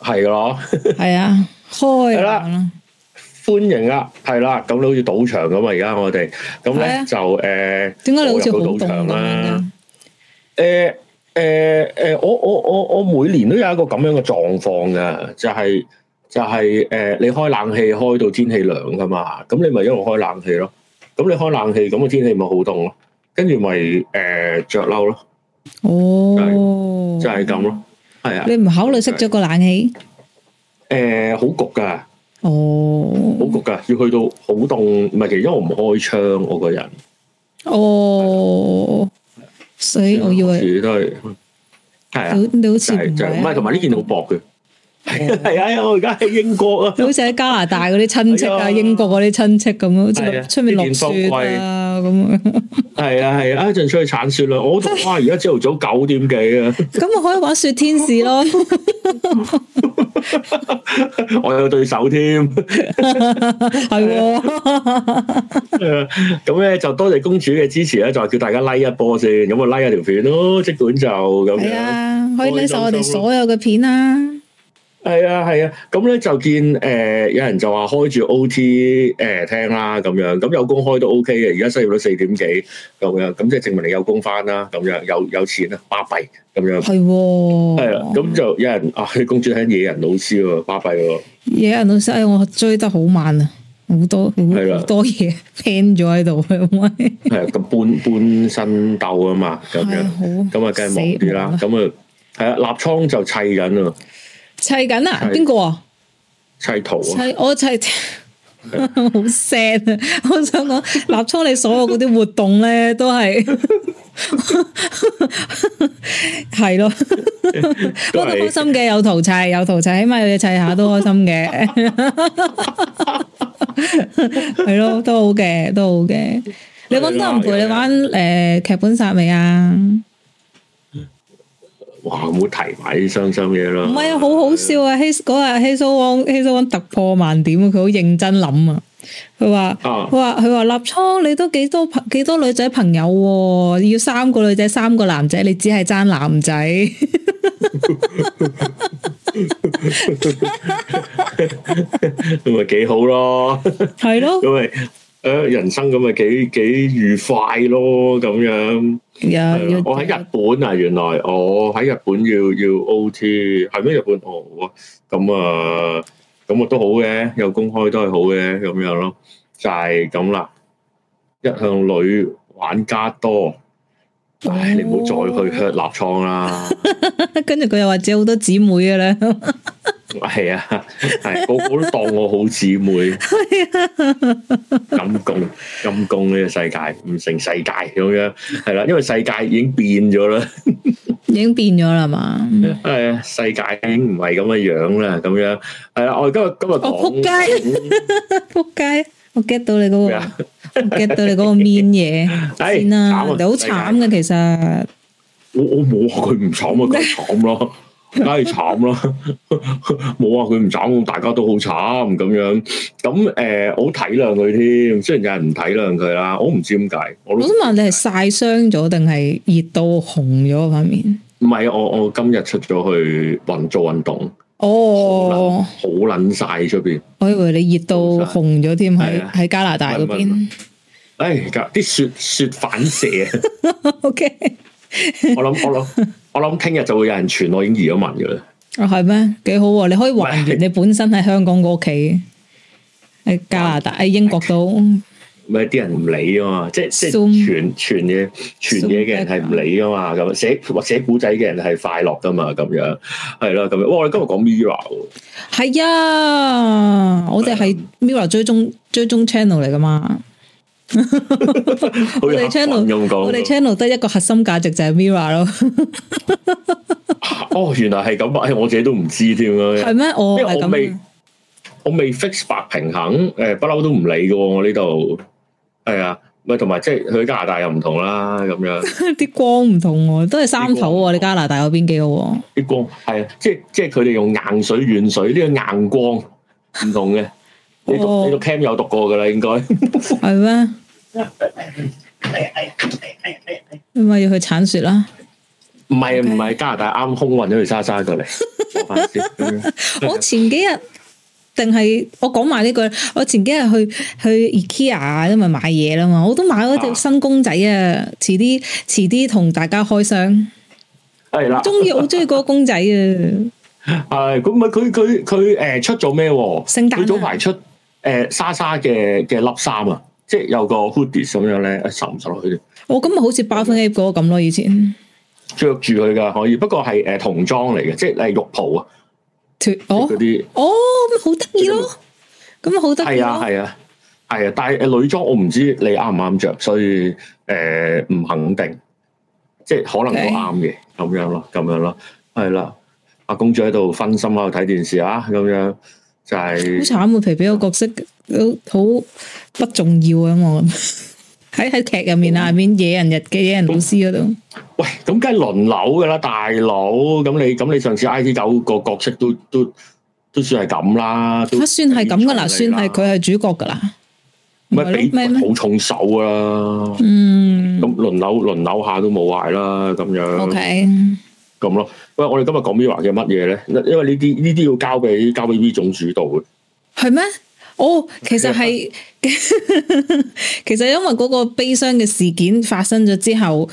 係噶，嗬，係啊，開啦，歡迎啊，係啦。咁你好似賭場咁嘛。而家我哋咁咧就誒，點解你好似賭場啦？誒誒誒，我我我我，我，我每年都有一個咁樣嘅狀況嘅，就係、係、就係、係、誒、呃，你開冷氣開到天氣涼噶嘛，咁你咪一路開冷氣咯。咁你開冷氣咁個天氣咪好凍咯，跟住咪誒着褸、呃、咯，就係就係、咯哦，就係咁咯。係啊，你唔考慮熄咗個冷氣？誒，好焗噶，哦，好焗噶，要去到好凍，唔係，其實因為我唔開窗，我個人。哦，所以我以為都係，係啊，就係就係，唔係同埋呢件好薄嘅，係啊係啊，我而家喺英國啊，好似喺加拿大嗰啲親戚啊，英國嗰啲親戚咁咯，好似出面落雪啊。咁 啊，係啊係啊，一陣出去鏟雪啦！我同哇，而家朝頭早九點幾啊，咁我 可以玩雪天使咯， 我有對手添，係、 啊，咁咧就多謝公主嘅支持咧，就叫大家拉、like、一波先，咁啊拉一條片咯，即管就咁樣、啊，可以拉晒我哋所有嘅片啦、啊。係啊係啊，咁咧、啊、就見誒、呃，有人就話開住 OT 誒、呃、聽啦，咁樣咁有工開都 OK 嘅。而家失業率四點幾咁樣，咁即係證明你有工返啦，咁樣有有錢啊，巴閉咁樣。係喎，係啦，咁就有人啊，去公主野人老師喎，巴閉喎。野人老師，哎、我追得好慢啊，好多好多嘢 plan 咗喺度，係半身斗啊嘛，咁樣，咁啊梗係忙啲啦，咁啊係啊，立倉就砌緊啊。砌緊砌啊，邊個砌圖啊？砌，我砌好 sad 啊！我想講立初你所有嗰啲活動咧都係係咯，不過開心嘅有圖砌，有圖砌，起碼有嘢砌下都開心嘅，係 咯， 都好嘅，都好嘅。 你玩多人陪你？你玩誒劇本殺未啊？哇！唔好提埋啲傷心嘢咯。唔係不啊，好好笑啊！希嗰日，希蘇旺，希蘇旺突破萬點啊！佢好認真諗啊他說！佢話，佢話，佢話立倉，你都幾多朋，幾多女仔朋友？要三個女仔，三個男仔，你只係爭男仔，咁咪幾 好咯？係咯。 人生咁咪幾幾愉快咯，咁樣。我喺日本啊，原來我喺日本要要 O T，係咩？日本哦，咁啊，咁啊都好嘅，有工開都係好嘅，咁樣咯，就係咁啦。一向女玩家多，oh. 唉，你唔好再去立創啦。 跟住佢又話有好多姊妹嘅啦。 係啊，係、啊、個個都當我好姊妹，陰公陰公，呢個世界唔成世界咁樣，係啦、啊，因為世界已經變咗啦， 已經變咗啦嘛。係啊，世界已經唔係咁嘅樣啦，咁樣係啊。我今日今日我扑街，扑街、哦説， 我 get 到你嗰、那個，get 麼、啊、 到你個面嘢，慘、 哎、啊，對你好慘嘅界其實。我我冇話佢唔慘啊，梗慘啦。 梗係慘啦，冇 啊！佢唔慘，大家都好慘咁樣。咁誒、呃，我體諒佢添，雖然有人唔體諒佢啦，我唔知點解。我想問你係曬傷咗定係熱到紅咗個塊面？唔係，我我今日出咗去運做運動。哦，好撚曬出邊！我以為你熱到紅咗添，喺喺曬加拿大嗰邊。誒，啲、哎、雪雪，雪反射啊。O K。 我諗我諗我諗，聽日就會有人傳我已經移咗民噶啦。啊，係咩？幾好，啊，你可以還原你本身喺香港個屋企，喺 加拿大，喺 英國度。唔係啲 人唔理啊嘛，即係即係傳傳嘢，傳嘢嘅人係唔理噶嘛。咁寫或寫古仔嘅人係快樂噶嘛。咁樣係啦。咁樣、啊，哇！我哋今日講 Mirror 係啊，我哋係 Mirror 追蹤追蹤 channel 嚟噶嘛。我哋 channel 咁講， 我哋 channel 得一個核心價值就係、是、Mirror 咯 。哦，原來係咁啊！我自己都唔知添啊，係咩？我、哦、因為我未我未 fix 白平衡，誒、欸，不嬲都唔理嘅。我呢度係啊，同埋即係去加拿大又唔同啦，咁樣啲 光唔同，啊啊、同，都係三頭喎。你加拿大有邊幾個？啲光係啊，即係即係佢哋用硬水、軟水呢、這個硬光唔同嘅。 你個你讀 Cam 有讀過噶啦，應該係咩？係啊係係係係！你咪要去鏟雪啦？唔係唔係，加拿大啱空運咗去沙沙過嚟。我前幾日定係我講埋呢句，我前幾日去去 IKEA 因為買嘢啦嘛，我都買咗隻新公仔啊！遲啲遲啲同大家開箱。係啦，中意好中意嗰個公仔啊！係，咁咪佢佢佢誒出咗咩？聖誕佢早排出。誒莎、呃、沙嘅嘅粒衫啊，即係有個 hoodies 咁樣咧，受唔受落去？我咁咪好似 Bathing Ape 嗰個咁咯，以前着住佢㗎可以，不過係誒、呃、童裝嚟嘅，即係係浴袍啊脫嗰啲哦，咁、哦、好得意咯，咁啊好得意咯，係啊係啊係啊，但係、呃、女裝我唔知你啱唔啱着，所以誒唔、呃、肯定，即係可能都啱嘅咁樣咯，咁樣咯，係啦，阿公主喺度分心喺度睇電視啊，咁樣。就係好慘啊！皮皮個角色都好不重要啊！我喺喺劇入面啊，入邊野人日記野人老師嗰度。喂，咁梗係輪流噶啦，大佬。咁你咁你上次 I D 九個角色都都都算係咁啦，吓算係咁噶啦，算係佢係主角噶啦。咩俾好重手啊？嗯，咁輪流輪流下都冇壞啦，咁樣。咁咯，不過我哋今日講 Mirror 嘅乜嘢咧？因為呢啲呢啲要交俾交俾呢種主導嘅，係咩？哦，其實係 其實因為嗰個悲傷嘅事件發生咗之後，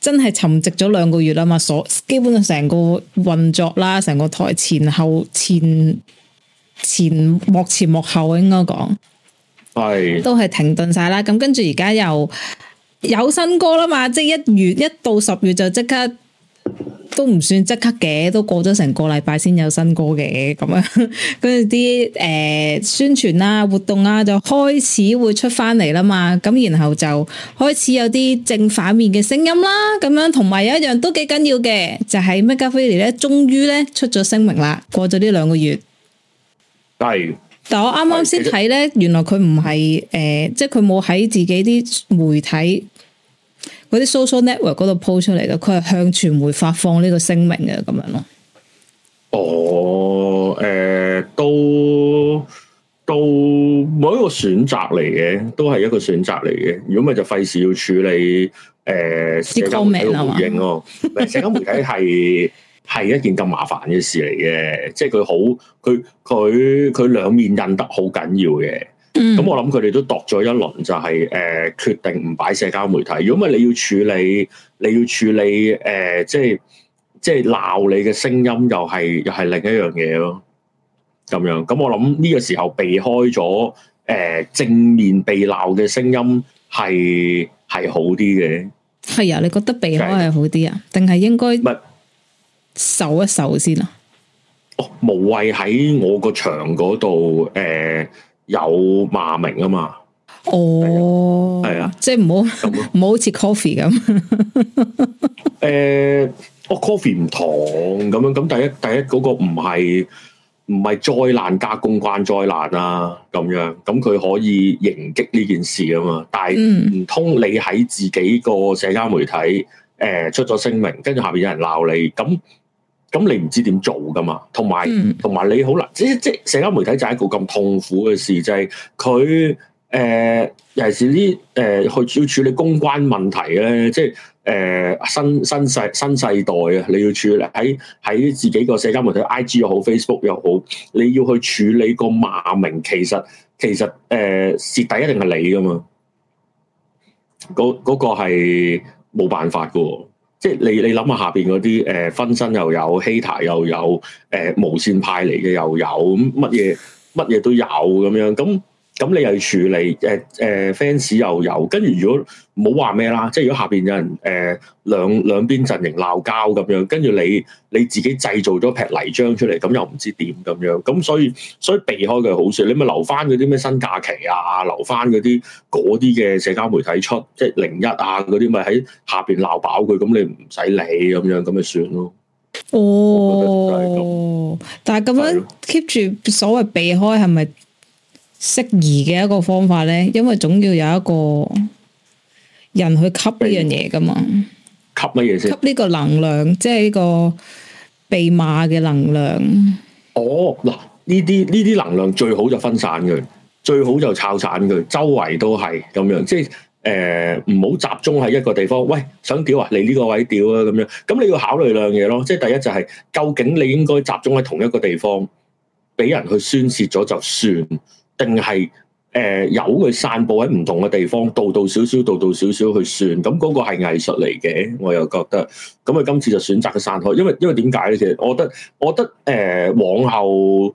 真係沉寂咗兩個月啊嘛，所基本上成個運作啦，成個台前後前前，前幕前幕後應該講係都係停頓晒啦。咁跟住而家又有新歌啦嘛，即一月一到十月就即刻。都唔算即刻嘅，都過咗成個禮拜先有新歌嘅咁樣，跟住啲誒宣傳啦、啊、活動啊，就開始會出翻嚟啦嘛。咁然後就開始有啲正反面嘅聲音啦。咁樣同埋有,有一樣都幾緊要嘅，就係 MakerVille 咧，終於咧出咗聲明啦。過咗呢兩個月，係對。但係我啱啱先睇咧，原來佢唔係誒，即係佢冇喺自己啲媒體。嗰啲 social network 嗰度 post 出嚟嘅，佢係向傳媒發放呢個聲明嘅咁樣咯。哦，誒、呃，都都每一個選擇嚟嘅，都係一個選擇嚟嘅。如果咪就費事要處理誒，社、呃、交媒體嘅回應咯、啊。誒，社交媒體係係一件咁麻煩嘅事嚟嘅，即係佢好，佢佢佢兩面印得好緊要嘅。咁、嗯、我諗佢哋都度咗一輪，就是，就係誒決定唔擺社交媒體。如果咪你要處理，你要處理誒、呃，即係即係鬧你嘅聲音，又係又係另一樣嘢咯。咁樣咁我諗呢個時候避開咗誒、呃、正面被鬧嘅聲音係係好啲嘅。係啊，你覺得避開係好啲啊？定係的應該唔搜一搜先啊？哦，無謂喺我個牆嗰度誒。呃有罵名啊嘛，哦，係啊，即係唔好唔好似 coffee 咁，誒，我 coffee 唔糖咁樣，咁第一第一嗰個唔係唔係災難加公關災難啊，咁樣，咁佢可以迎擊呢件事啊嘛，但係唔通你喺自己個社交媒體誒、呃、出咗聲明，跟住下邊有人鬧你，咁？咁你唔知點做噶嘛？同埋同埋你好難，即即社交媒體就係一個咁痛苦嘅事，就係佢誒，尤其是啲、呃、去要處理公關問題咧，即誒、呃、新新世新世代啊，你要處理喺喺自己個社交媒體 I G 又好 Facebook 又好，你要去處理個罵名，其實其實誒蝕底一定係你噶嘛，嗰嗰、嗰個係冇辦法噶、哦。即係你你諗下下邊嗰啲誒分身又有，hater 又有，誒、呃、無線派嚟嘅又有，咁乜嘢乜嘢都有咁樣咁。咁你又處理誒誒 fans 又有，跟住如果冇話咩啦，即係如果下邊有人誒兩兩邊陣營鬧交咁樣，跟住你你自己製造咗劈泥漿出嚟，咁又唔知點咁樣，咁所以所以避開佢好少，你咪留翻嗰啲咩新假期啊，留翻嗰啲嗰啲嘅社交媒體出，即係零一啊嗰啲咪喺下邊鬧爆佢，咁你唔使理咁樣，咁咪算咯。哦，但係咁樣 keep 住所謂避開係咪？適宜嘅一個方法咧，因為總要有一個人去吸呢樣嘢噶嘛，吸乜嘢先？吸呢個能量，即係呢個被罵嘅能量。哦，嗱，呢啲呢啲能量最好就分散佢，最好就炒散佢，周圍都係咁樣。即係誒，唔好集中喺一個地方。喂，想屌啊，你呢個位屌啦咁樣。咁你要考慮兩嘢咯，即係第一就係究竟你應該集中喺同一個地方俾人去宣泄咗就算。定係誒有佢散佈喺唔同嘅地方，度度少少，度度少少去算，咁嗰個係藝術嚟嘅，我又覺得。咁佢今次就選擇佢散開，因為因為點解咧？其實我覺得我覺得誒、呃，往後誒嗰、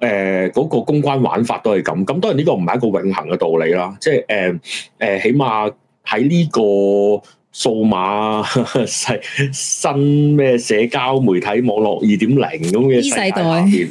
呃那個公關玩法都係咁。咁當然呢個唔係一個永恆嘅道理啦，即係誒誒，起碼喺呢個數碼世新咩社交媒體網絡二點零咁嘅世代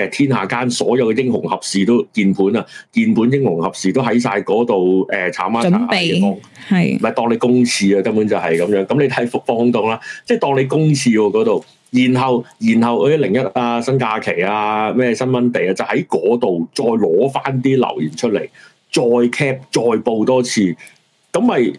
誒天下間所有嘅英雄合事都鍵盤啊，鍵盤英雄合事都喺晒嗰度誒，炒乜嘢？準備係咪樣是當你公廁啊？根本就係咁樣。咁你睇放空洞啦，即係當你公廁喎嗰度。然後，然後一零一啊新假期啊咩新聞地啊，就喺嗰度再攞翻啲留言出嚟，再 cap 再報多次，咁咪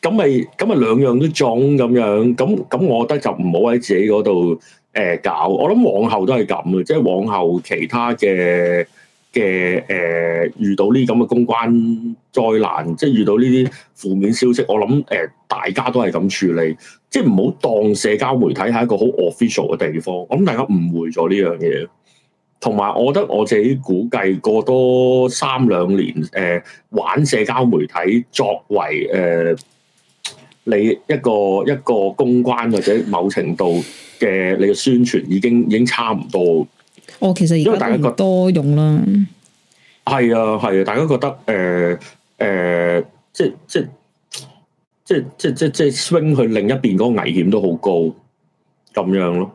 咁咪咁咪兩樣都中咁樣。咁咁，我覺得就唔好喺自己嗰度。誒、呃、搞，我諗往後都係咁嘅，即係往後其他嘅嘅誒，遇到呢啲咁嘅公關災難，即係遇到呢啲負面消息，我諗誒、呃、大家都係咁處理，即係唔好當社交媒體係一個好 official 嘅地方，我諗大家誤會咗呢樣嘢。同埋我覺得我自己估計過多三兩年，誒、呃、玩社交媒體作為誒。呃你一個一個公關或者某程度嘅你嘅宣傳已經已經差唔多。哦，其實而家因為大家覺得多用啦。係啊，係啊，大家覺得誒誒、呃呃，即即即即即即即 swing 去另一邊嗰個危險都好高，咁樣咯。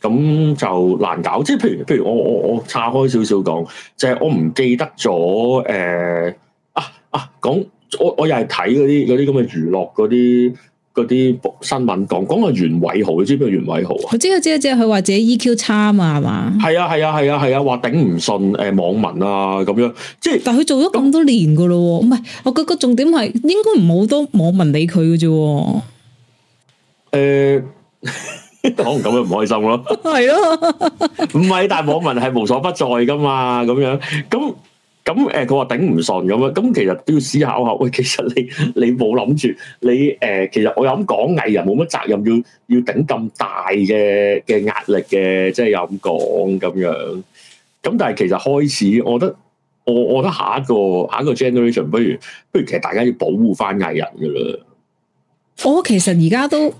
咁就難搞。即譬如譬如我我我岔開少少、就是呃啊啊、講，就係我唔記得咗誒啊啊講。我我又係睇嗰啲啲咁嘅娛樂嗰啲啲新聞講講個袁偉豪，你知唔知袁偉豪啊？我知啊知啊知啊，佢話自己 EQ 差啊嘛，係嘛？係啊係啊係啊係啊，話頂唔順誒網民啊咁樣，即係。但佢做咗咁多年噶咯，唔係那我覺得個重點係應該唔好多網民理佢嘅啫。誒、呃，可能咁樣唔開心咯。係咯 是、啊，唔 係，但係網民係無所不在噶嘛，咁樣咁。咁誒，佢話頂唔順咁樣，咁其實都要思考下。喂，其實你你冇諗住你誒，其實我又咁講藝人冇乜責任要，要要頂咁大嘅嘅壓力嘅，即係有咁講咁樣。咁但係其實開始，我覺得我我覺得下一個下一個 generation，不如不如其實大家要保護翻藝人噶啦。我，哦，其實而家都。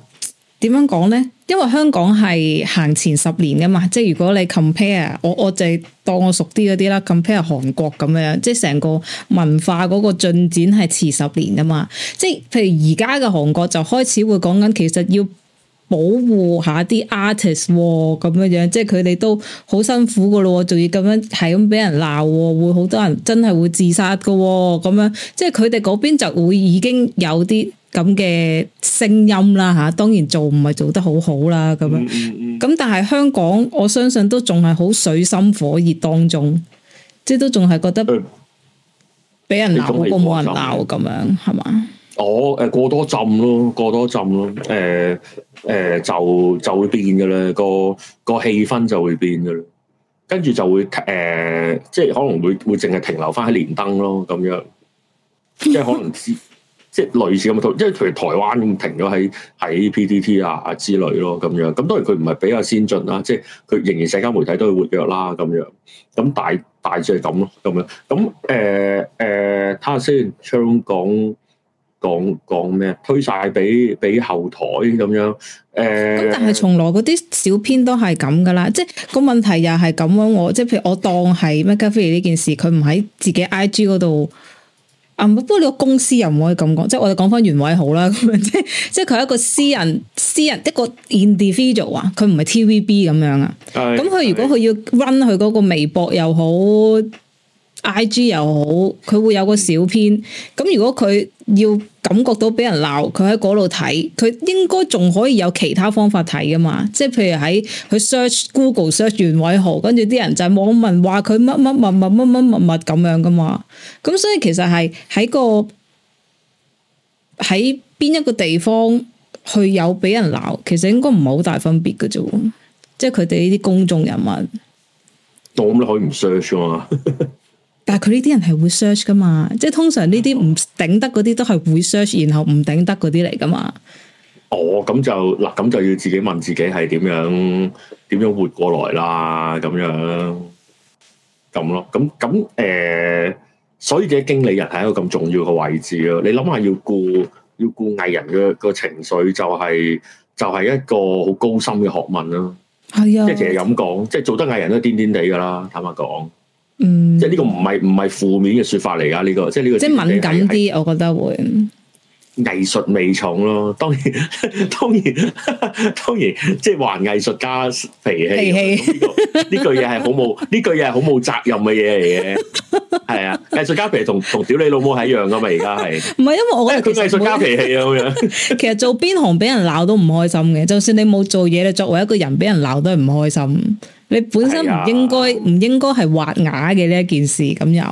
點樣講呢？因為香港係行前十年噶嘛，即係如果你 compare，我我就係當我熟啲嗰啲啦，compare 韓國咁樣，即係成個文化嗰個進展係遲十年噶嘛。即係譬如而家嘅韓國就開始會講緊，其實要保護下啲 artist 咁樣樣，即係佢哋都好辛苦噶咯，仲要咁樣係咁俾人鬧，會好多人真係會自殺噶，咁樣即係佢哋嗰邊就會已經有啲。咁嘅聲音啦嚇，當然做唔係做得好好啦咁樣。咁但係香港，我相信都仲係好水深火熱當中，即係都仲係覺得俾人鬧過冇人鬧咁樣係嘛？哦，誒過多浸咯，過多浸咯，誒誒就就會變嘅啦，個個氣氛就會變嘅啦，跟住就會誒，即係可能會會淨係停留翻喺連登咯咁樣，即係可能。即類似咁嘅套，即係譬如台灣停咗喺喺 P T T 啊之類咯，咁樣咁當然佢唔係比較先進啦，即係佢仍然社交媒體都活躍啦，咁樣咁大大致係咁咯，咁樣咁誒誒，睇下先，香、欸、港、欸、講講咩？推晒俾俾後台咁樣誒，咁、欸、但係從來嗰啲小編都係咁噶啦，即係、個問題又係咁樣我即係譬如我當係 MakerVille 呢件事，佢唔喺自己 I G 嗰度。不過你個公司又唔可以咁講，即係我哋講翻原位好啦，咁樣即係即係佢係一個私人、私人一個 individual 啊，佢唔係 TVB 咁樣啊，咁佢如果佢要 run 佢嗰個微博又好，I G 又好，佢會有個小編。咁如果佢要感覺到俾人鬧，佢喺嗰度睇，佢應該仲可以有其他方法睇噶嘛？即係譬如喺佢 search Google search 袁偉豪，跟住啲人就係網民話佢乜乜乜乜乜乜乜物咁樣噶嘛。咁所以其實係喺個喺邊一個地方去有俾人鬧，其實應該唔係好大分別噶啫。即係佢哋呢啲公眾人物，我咁都可以唔 search 啊嘛。 但係佢呢啲人係會 search 噶嘛？即係通常呢啲唔頂得嗰啲都係會 search，然後唔頂得嗰啲嚟噶嘛？哦，咁就嗱，咁就要自己問自己係點樣，點樣活過來啦？咁樣咁咯，咁咁誒，所以啲經理人係一個咁重要嘅位置咯。你諗下要顧要顧藝人嘅個情緒，就是，就係就係一個好高深嘅學問咯。係啊，即係其實咁講，即係做得藝人都癲癲地噶啦，坦白講。嗯，即係呢個唔係唔係負面嘅說法嚟噶，呢個即係呢個。即係敏感啲，我覺得會藝術味重咯。當然，當然，當然，即係話藝術家脾氣。脾氣呢句嘢係好冇呢句嘢係好冇責任嘅嘢嚟嘅，係啊。藝術家脾氣同同屌你老母係一樣噶嘛？而家係唔係因為我覺得佢藝術家脾氣啊咁樣。其實做邊行俾人鬧都唔開心嘅，就算你冇做嘢，你作為一個人俾人鬧都係唔開心。你本身唔應該唔應該係挖牙嘅呢一件事，咁又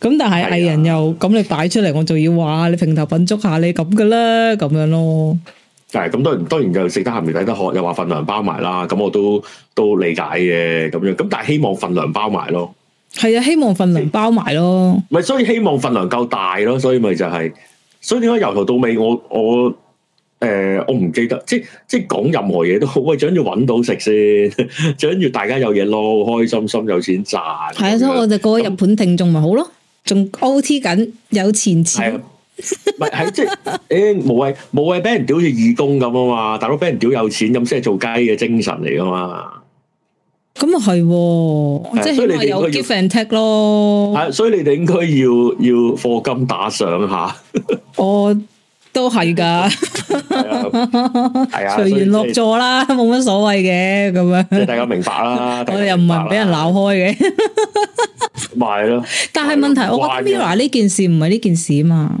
咁，但係藝人又咁你擺出嚟，我仲要話你評頭品足下你咁嘅啦，咁樣咯。係咁，當然當然就食得鹹魚抵得渴，又話份糧包埋啦，咁我都都理解嘅咁樣。咁但係希望份糧包埋咯。係啊，希望份糧包埋咯。咪所以希望份糧夠大咯，所以咪就係，所以點解由頭到尾我我。誒、嗯，我唔記得，即即講任何嘢都好，為想住搵到食先，想住大家有嘢撈，開心心有錢賺。係啊，所以我哋過日本聽眾咪好咯，仲 O T 緊有錢錢。唔係，即誒，無謂無謂俾人屌，似義工咁啊嘛，大佬俾人屌有錢咁，先係做雞嘅精神嚟噶嘛。咁啊係，即係起碼有 give and take 咯，係，所以你哋應該要要課金打賞下。 我。都係噶 隨緣落座啦，冇乜所、就是、所謂嘅咁樣。即係大家明白啦，白 我哋又唔係俾人鬧開嘅，賣咯。但係問題， 我覺得 Mirror 呢件事唔係呢件事啊嘛。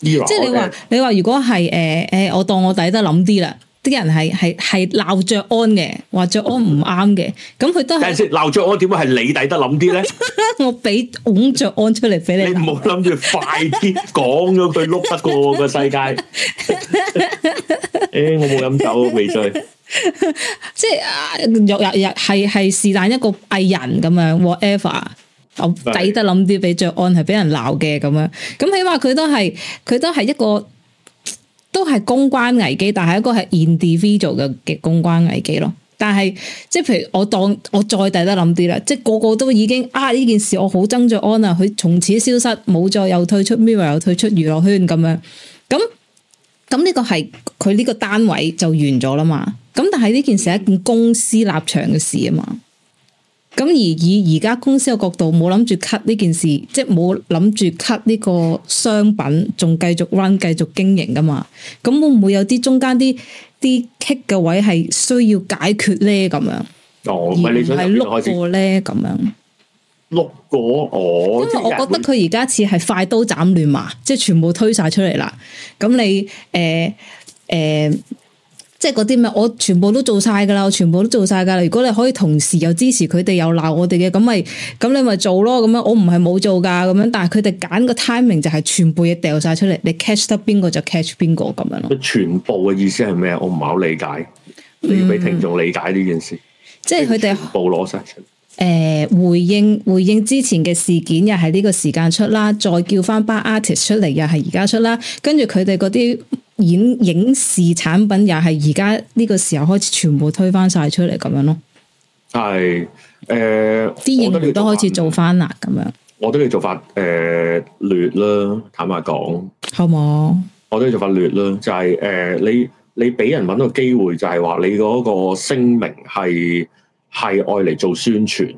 Mirror 即係你話 Okay. 你話，如果係誒誒，我當我抵得諗啲啦。啲人係係係鬧著安嘅，話著安唔啱嘅，咁佢都係。等下先，鬧著安點解係你抵得諗啲咧？我俾拱著安出嚟俾你。你唔好諗住快啲講咗佢碌得過個世界。誒，我冇飲酒，未醉。即係日日日係係是但一個藝人咁樣，whatever，我抵得諗啲俾著安係俾人鬧嘅咁樣。咁起碼佢都係佢都係一個。都係公關危機，但係一個係 individual 嘅嘅公關危機咯。但係即係譬如我當我再大得諗啲啦，即係個個都已經啊，呢件事我好爭着安啊，佢從此消失，冇再又退出 mirror 又退出娛樂圈咁樣，咁咁呢個係佢呢個單位就完咗啦嘛。咁但係呢件事係一件公司立場嘅事啊嘛。咁而以而家公司嘅角度，冇諗住 cut 呢件事，即係冇諗住 cut 呢個商品，仲繼續 run 繼續經營噶嘛？咁會唔會有啲中間啲啲棘嘅位係需要解決咧？咁樣唔係碌過咧？咁樣碌過我？哦、因為我覺得佢而家似係快刀斬亂麻，即係全部推晒出嚟啦。咁你誒誒。呃呃即係嗰啲咩？我全部都做晒噶啦，我全部都做晒噶啦。如果你可以同時又支持佢哋又鬧我哋嘅，咁咪咁你咪做咯。咁樣我唔係冇做噶，咁樣，但係佢哋揀個 timing 就係全部嘢掉晒出嚟，你 catch 得邊個就 catch 邊個咁樣咯。全部嘅意思係咩？我唔係好理解，嗯、你要俾聽眾理解呢件事。即係佢哋全部攞晒。誒、呃，回應回應之前嘅事件又係呢個時間出啦，再叫翻班 artist 出嚟又係而家出啦，跟住佢哋嗰啲。演影視產品又係而家呢個時候開始全部推翻晒出嚟咁樣咯，係，誒，啲影料都開始做翻啦，咁樣，呃、都我都要做法誒、呃，劣啦，坦白講，好冇嗎，我都要做法劣啦，就係、是，誒、呃，你你俾人揾到機會，就係話你嗰個聲明係係愛嚟做宣傳。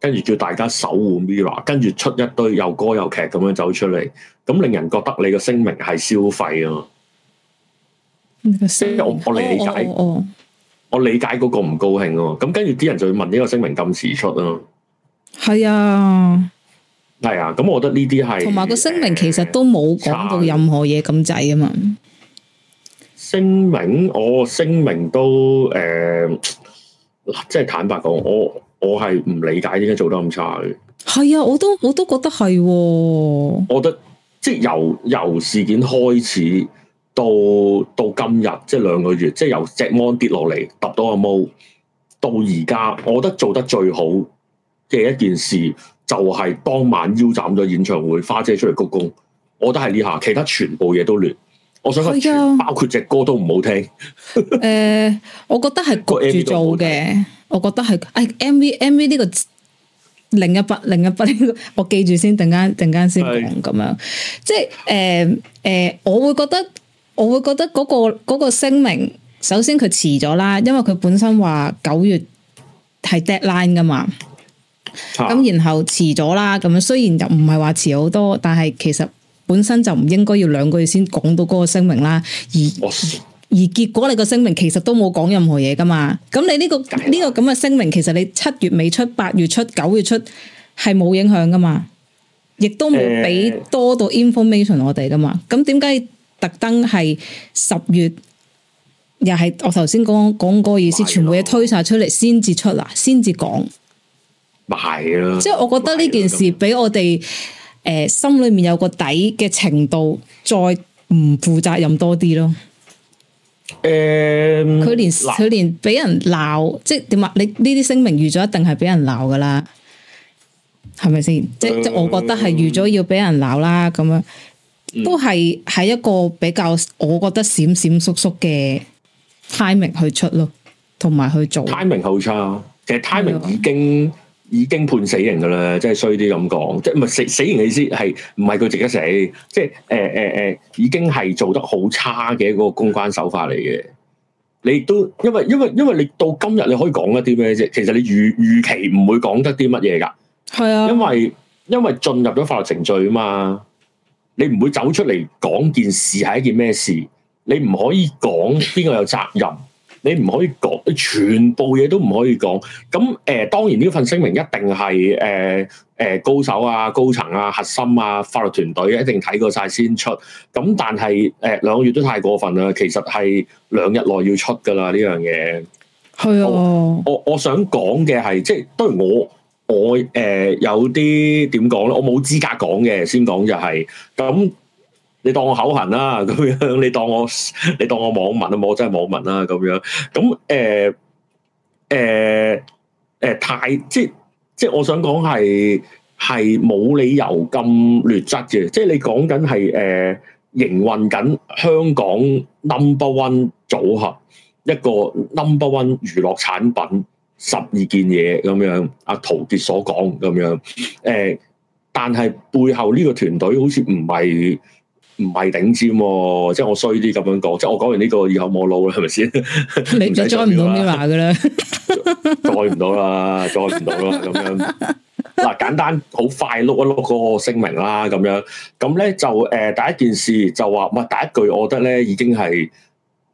跟住叫大家守護 Mirror，跟住出一堆又歌又劇咁樣走出嚟，咁令人覺得你嘅聲明係消費啊！即係我我理解，哦、我，我，我理解嗰個唔高興咯、啊。咁跟住啲人就要問呢個聲明咁遲出啊！係啊，係、嗯、啊，咁我覺得呢啲係同埋個聲明其實都冇講到任何嘢咁滯啊嘛！聲明我聲明都誒嗱，即、呃、係坦白講我。我係唔理解點解做得咁差嘅？係啊，我都我都覺得係、哦。我覺得即係由由事件開始到到今日，即係兩個月，即係由只安跌落嚟揼到阿毛，到而家，我覺得做得最好嘅一件事就係當晚腰斬咗演唱會，花姐出嚟鞠躬，我覺得係呢下，其他全部嘢都亂。我想講的包括隻歌都唔好聽。誒、呃，我覺得係焗住做嘅。 我覺得係誒、哎、M V M V 呢個另一筆另一筆，呢個，我記住先，陣間陣間先講咁樣，即係誒誒，我會覺得我會覺得嗰個嗰個聲明，首先佢遲咗啦，因為佢本身話九月係 deadline 噶嘛，咁、啊、然後遲咗啦，咁樣雖然又唔係話遲好多，但係其實本身就唔應該要兩個月先講到嗰個聲明啦，而。而結果你個聲明其實都冇講任何嘢噶嘛，咁你呢、這個呢個咁嘅聲明，其實你七月尾出，八月出，九月出係冇影響噶嘛，亦都冇俾多到 information、欸、我哋噶嘛，咁點解特登係十月又係我頭先講講嗰個意思，了全部嘢推晒出嚟先至出啊，先至講，咪係咯，即係我覺得呢件事俾我哋誒了、呃、心裏面有個底嘅程度，再唔負責任多啲咯。誒，佢、嗯、連佢連俾人鬧，喏即係點話？你呢啲聲明預咗一定係俾人鬧㗎喇，係咪先？嗯、即即我覺得係預咗要俾人鬧啦，咁樣都係喺一個比較，我覺得閃閃縮縮嘅 timing 去出咯，同埋去做 timing 好差，啊，其實 timing 已經。已經判死刑㗎喇，即係衰啲咁講，即係唔係死死刑嘅意思係唔係佢值得死？即係、呃呃呃、已經係做得好差嘅一個公關手法嚟嘅。你都因為因為因為你到今日你可以講一啲咩啫？其實你預預期唔會講得啲乜嘢㗎。係是啊，因為因為進入咗法律程序啊嘛，你唔會走出嚟講件事係一件咩事，你唔可以講邊個有責任。你唔可以講，你全部嘢都唔可以講。咁誒、呃，當然呢份聲明一定係誒誒高手啊、高層啊、核心啊、法律團隊一定睇過晒先出。咁但係誒、呃、兩個月都太過分啦，其實係兩日內要出噶啦呢樣嘢。係啊，我我，我想講嘅係，即係當然我我誒有啲點講咧，我冇、呃、資格講嘅，先講就係、是、咁。你當我口痕啦，啊，咁 樣，你當我你當我網民啊，我真係網民啦，啊，咁樣咁誒誒誒太即即係我想講係，係冇理由咁劣質嘅，即係你講緊係誒營運緊香港 number one 組合一個 number one 娛樂產品十二件嘢咁樣，阿，啊、陶傑所講咁樣誒、欸，但係背後呢個團隊好似唔係。唔係頂尖喎，即係我衰啲咁樣講，即係我講完呢個以後冇撈啦，係咪先？你唔使再唔通啲話嘅啦，再唔到啦，再唔到啦咁樣。嗱，簡單好快碌一碌嗰個聲明啦，咁樣咁咧就誒、呃、第一件事就話乜第一句我覺得咧已經係，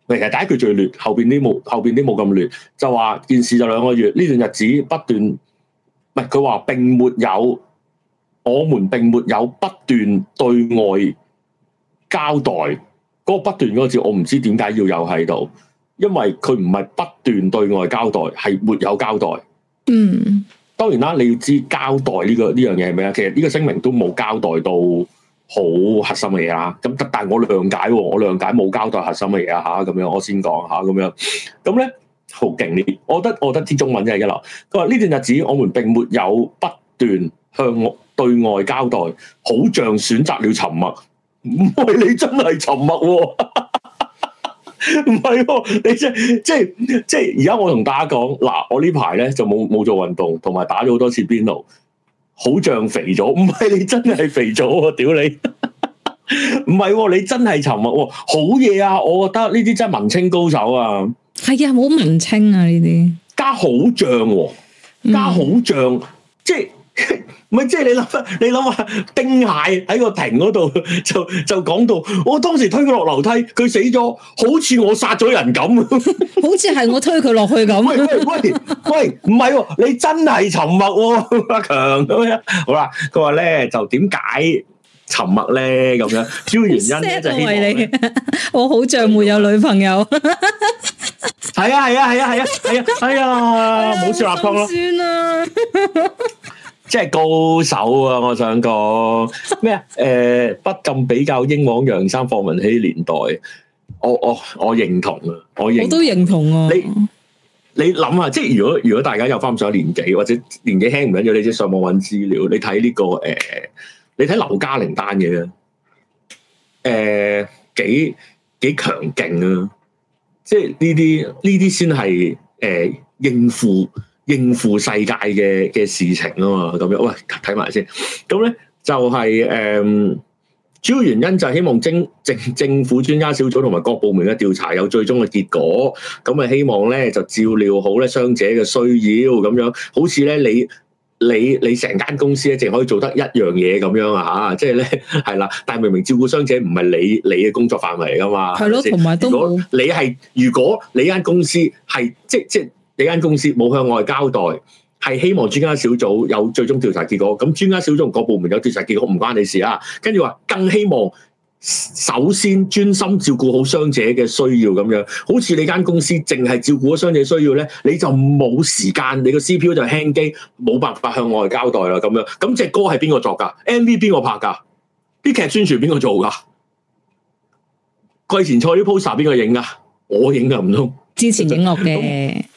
其實第一句最亂，後邊啲冇後邊啲冇咁亂，就話件事就兩個月呢段日子不斷，唔係佢話並沒有，我們並沒有不斷對外。交代嗰個不斷嗰個字，我唔知點解要有喺度，因為佢唔係不斷對外交代，係沒有交代。嗯，當然啦，你要知交代呢個呢樣嘢係咩啊？其實呢個聲明都冇交代到好核心嘅嘢啊。咁但係我諒解、喔，我諒解冇交代核心嘅嘢吓，咁樣我先講吓，咁樣咁咧好勁呢？我覺得我覺得啲中文真係一流。佢話呢段日子，我們並沒有不斷向對外交代，好像選擇了沉默。唔係你真係沉默、哦，唔 係、哦、你真即即而家我同大家講嗱，我呢排咧就冇冇做運動，同埋打咗好多次邊爐，好脹肥咗，唔係你真係肥咗、哦，屌你，唔 係、哦、你真係沉默、哦，好嘢啊！我覺得呢啲真係文青高手啊，係啊，好文青啊呢啲、哦，加好脹，加好脹，即係。唔係， 即係你諗，你諗下，丁蟹喺個亭嗰度就就講到，我、哦、當時推佢落樓梯，佢死咗，好似我殺咗人咁， 好似係我推佢落去咁 喂喂喂喂，唔係、哦，你真係沉默、哦，阿強咁樣。 好啦，佢話咧就點解沉默咧咁樣？主要 原因咧就係希望 我好像沒有女朋友。係啊係啊係啊係啊係啊，哎呀，冇說話框咯。算啦。 即係高手啊！我想講咩啊？誒、 呃，不禁比較英皇楊生、霍文希年代，我我我認同啊！我認我都認同啊！你你諗下，即係如果如果大家有翻咁上下年紀，或者年紀輕唔緊要，你即係上網揾資料，你睇呢、這個誒、呃，你睇劉嘉玲單嘢啊，誒、呃，幾幾強勁啊！即係呢啲呢啲先係誒應付。應付世界嘅嘅事情啊嘛，咁樣喂睇埋先看看，咁咧就係誒主要原因就係希望政政政府專家小組同埋各部門嘅調查有最終嘅結果，咁啊希望咧就照料好咧傷者嘅需要。咁樣好似咧你你你成間公司咧淨可以做得一樣嘢咁樣啊嚇，即係咧係啦，但係明明照顧傷者唔係你你嘅工作範圍嚟噶嘛，係咯了，同埋都，如果你係如果你間公司係即即。即你間公司冇向外交代，係希望專家小組有最終調查結果。咁專家小組各部門有調查結果唔關你事啊。跟住話，更希望首先專心照顧好傷者嘅需要咁樣。好似你間公司淨係照顧咗傷者需要咧，你就冇時間，你個 C P U 就輕機，冇辦法向外交代啦。咁樣，咁隻歌係邊個作噶？M V 邊個拍噶？啲劇宣傳邊個做噶？季前賽啲 poster 邊個影㗎？我影㗎，唔通？之前影落嘅。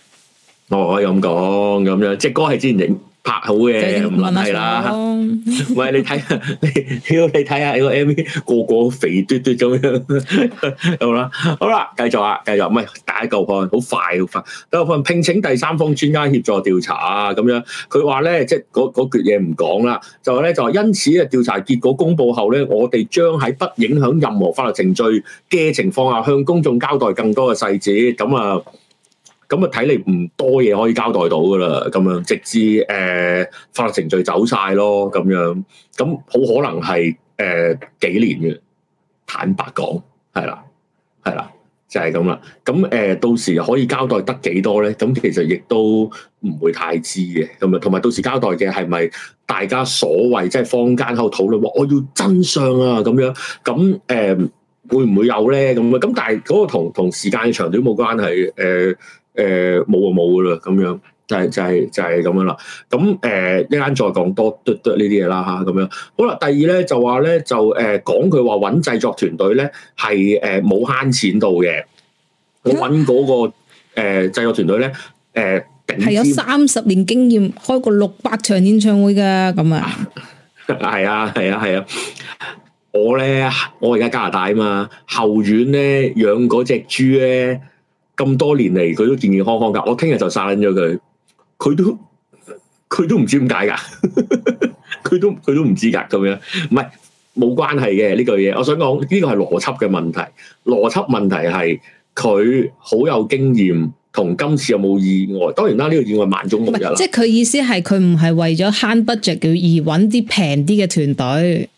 哦、我可以咁講，咁樣隻歌係之前拍好嘅，唔係啦。 喂，你睇，你你你睇下你個 M V，個個肥嘟嘟咁樣，好啦，好啦，繼續啊，繼續。唔係打一嚿汗，好快，好快。嗱，聘請第三方專家協助調查咁樣。佢話咧，即係嗰嗰橛嘢唔講啦，就咧就因此啊，調查結果公布後咧，我哋將喺不影響任何法律程序嘅情況下，向公眾交代更多嘅細節。咁啊。咁啊，睇你唔多嘢可以交代到噶啦，咁樣直至誒、呃、法律程序走晒咯，咁樣咁好可能係誒、呃、幾年嘅，坦白講係啦，係啦，就係咁啦。咁、呃、到時可以交代得幾多咧？咁其實亦都唔會太知嘅，咁啊，同埋到時交代嘅係咪大家所謂即係坊間喺度討論話我要真相啊咁樣？咁誒、呃、會唔會有咧？咁樣咁但係嗰個同同時間嘅長短冇關係誒。呃誒冇啊冇噶啦咁樣，就係就係就係咁樣啦。咁誒一間再講多多多呢啲嘢啦嚇咁樣。好啦，第二咧就話咧就誒講佢話揾製作團隊咧係誒冇慳錢到嘅，啊，我揾嗰個誒製作團隊咧誒係有三十年經驗，開過六百場演唱會嘅咁啊。係啊係啊係啊，啊！我咧我而家加拿大啊嘛，後院咧養嗰隻豬咧。咁多年嚟佢都健健康康噶，我聽日就殺咗佢，佢都佢都唔知點解噶，佢 都佢都唔知噶咁樣，唔係冇關係嘅呢個嘢。我想講呢個係邏輯嘅問題，邏輯問題係佢好有經驗，同今次有冇意外？當然啦，呢個意外萬中無一啦。即係佢意思係佢唔係為咗慳 budget，而揾啲平啲嘅團隊，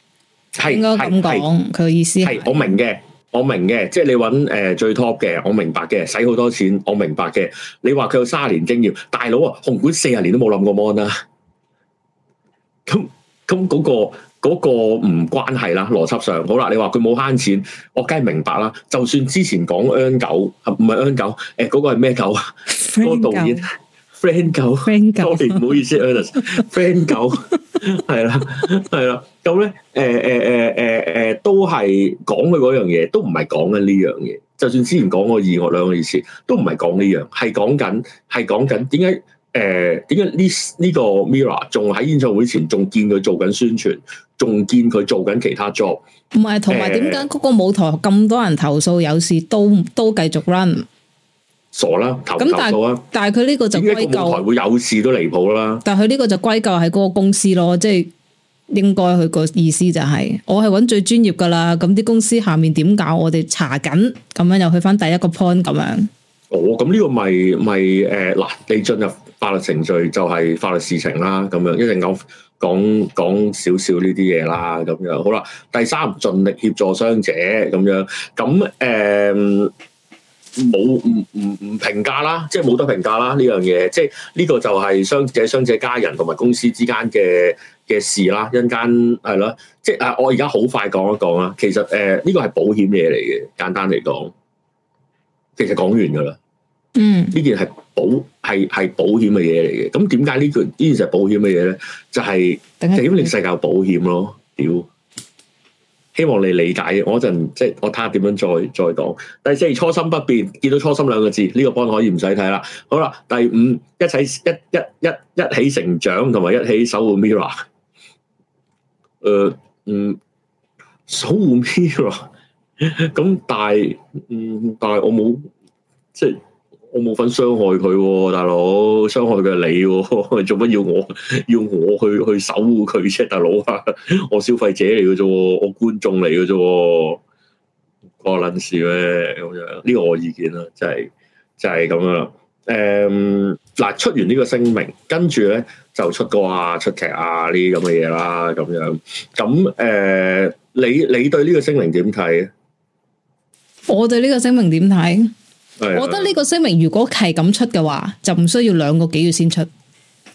係應該咁講佢意思。係我明嘅。我明嘅，即係你揾誒、呃、最 top 嘅，我明白嘅，使好多錢，我明白嘅。你話佢有卅年經驗，大佬啊，紅館四十年都冇諗過 mon 啦。咁咁嗰個唔、嗰個、關係啦，邏輯上好啦。你話佢冇慳錢，我梗係明白啦。就算之前講 N 九唔係 N 九，誒嗰個係咩狗啊？嗰、欸嗰個 導演。friend 狗，Friend go, 多年唔好意思，Ernest，friend 狗係啦，係啦， 咁咧，誒誒誒誒誒，都係講嘅嗰樣嘢，都唔係講緊呢樣嘢。就算之前講個二，我兩個意思都唔係講呢樣，係講緊，係講緊點解？誒，點解呢呢個 Mirror 仲喺演唱會前仲見佢做緊宣傳，仲見佢做緊其他 job？唔係，同埋點解個舞台咁多人投訴有事都都繼續 run？傻啦，投投訴啊！但係佢呢個就歸咎一個舞台會有事都離譜啦。但係佢呢個就歸咎喺嗰個公司咯，即係應該佢個意思就係，我係揾最專業噶啦。咁啲公司下面點搞？我哋查緊，咁樣又去翻第一個 point 咁樣。哦，咁呢個咪咪誒嗱，你進入法律程序就係法律事情啦，咁樣一陣講講講少少呢啲嘢啦，咁樣好啦。第三，盡力協助傷者咁樣。咁誒。冇唔唔唔評價啦，即係冇得評價啦呢樣嘢，即係呢個就係傷者、傷者家人同埋公司之間嘅嘅事啦，一陣間係咯，即係啊！我而家好快講一講啦。其實誒呢個係保險嘢嚟嘅，簡單嚟講，其實講完㗎啦。嗯，呢件係保係係保險嘅嘢嚟嘅，咁點解呢個依然係保險嘅嘢咧？就係點令世界保險咯屌！希望你理解我嗰陣，即係我睇下點樣再再講。第四即係初心不變，見到初心兩個字，呢個幫可以唔使睇啦。好啦，第五，一齊一一一一起成長，同埋一起守護 Mirror、呃。誒嗯，守護 Mirror。咁但係嗯，但係我冇即係。我冇份傷害佢，哦，大佬傷害嘅你，哦，做乜要我要我去去守護佢啫，大佬啊！我消費者嚟嘅啫，我觀眾嚟嘅啫，關我卵事咩？咁樣呢個我意見，就係就係嗯，啦，真係就係咁樣啦。誒，嗱，出完呢個聲明，跟住咧就出歌出劇啊，出劇啊，呢啲咁嘅嘢啦，咁樣。咁誒，呃，你你對呢個聲明點睇咧？我對呢個聲明點睇？我覺得呢個聲明如果係咁出嘅話，就唔需要兩個幾月先出。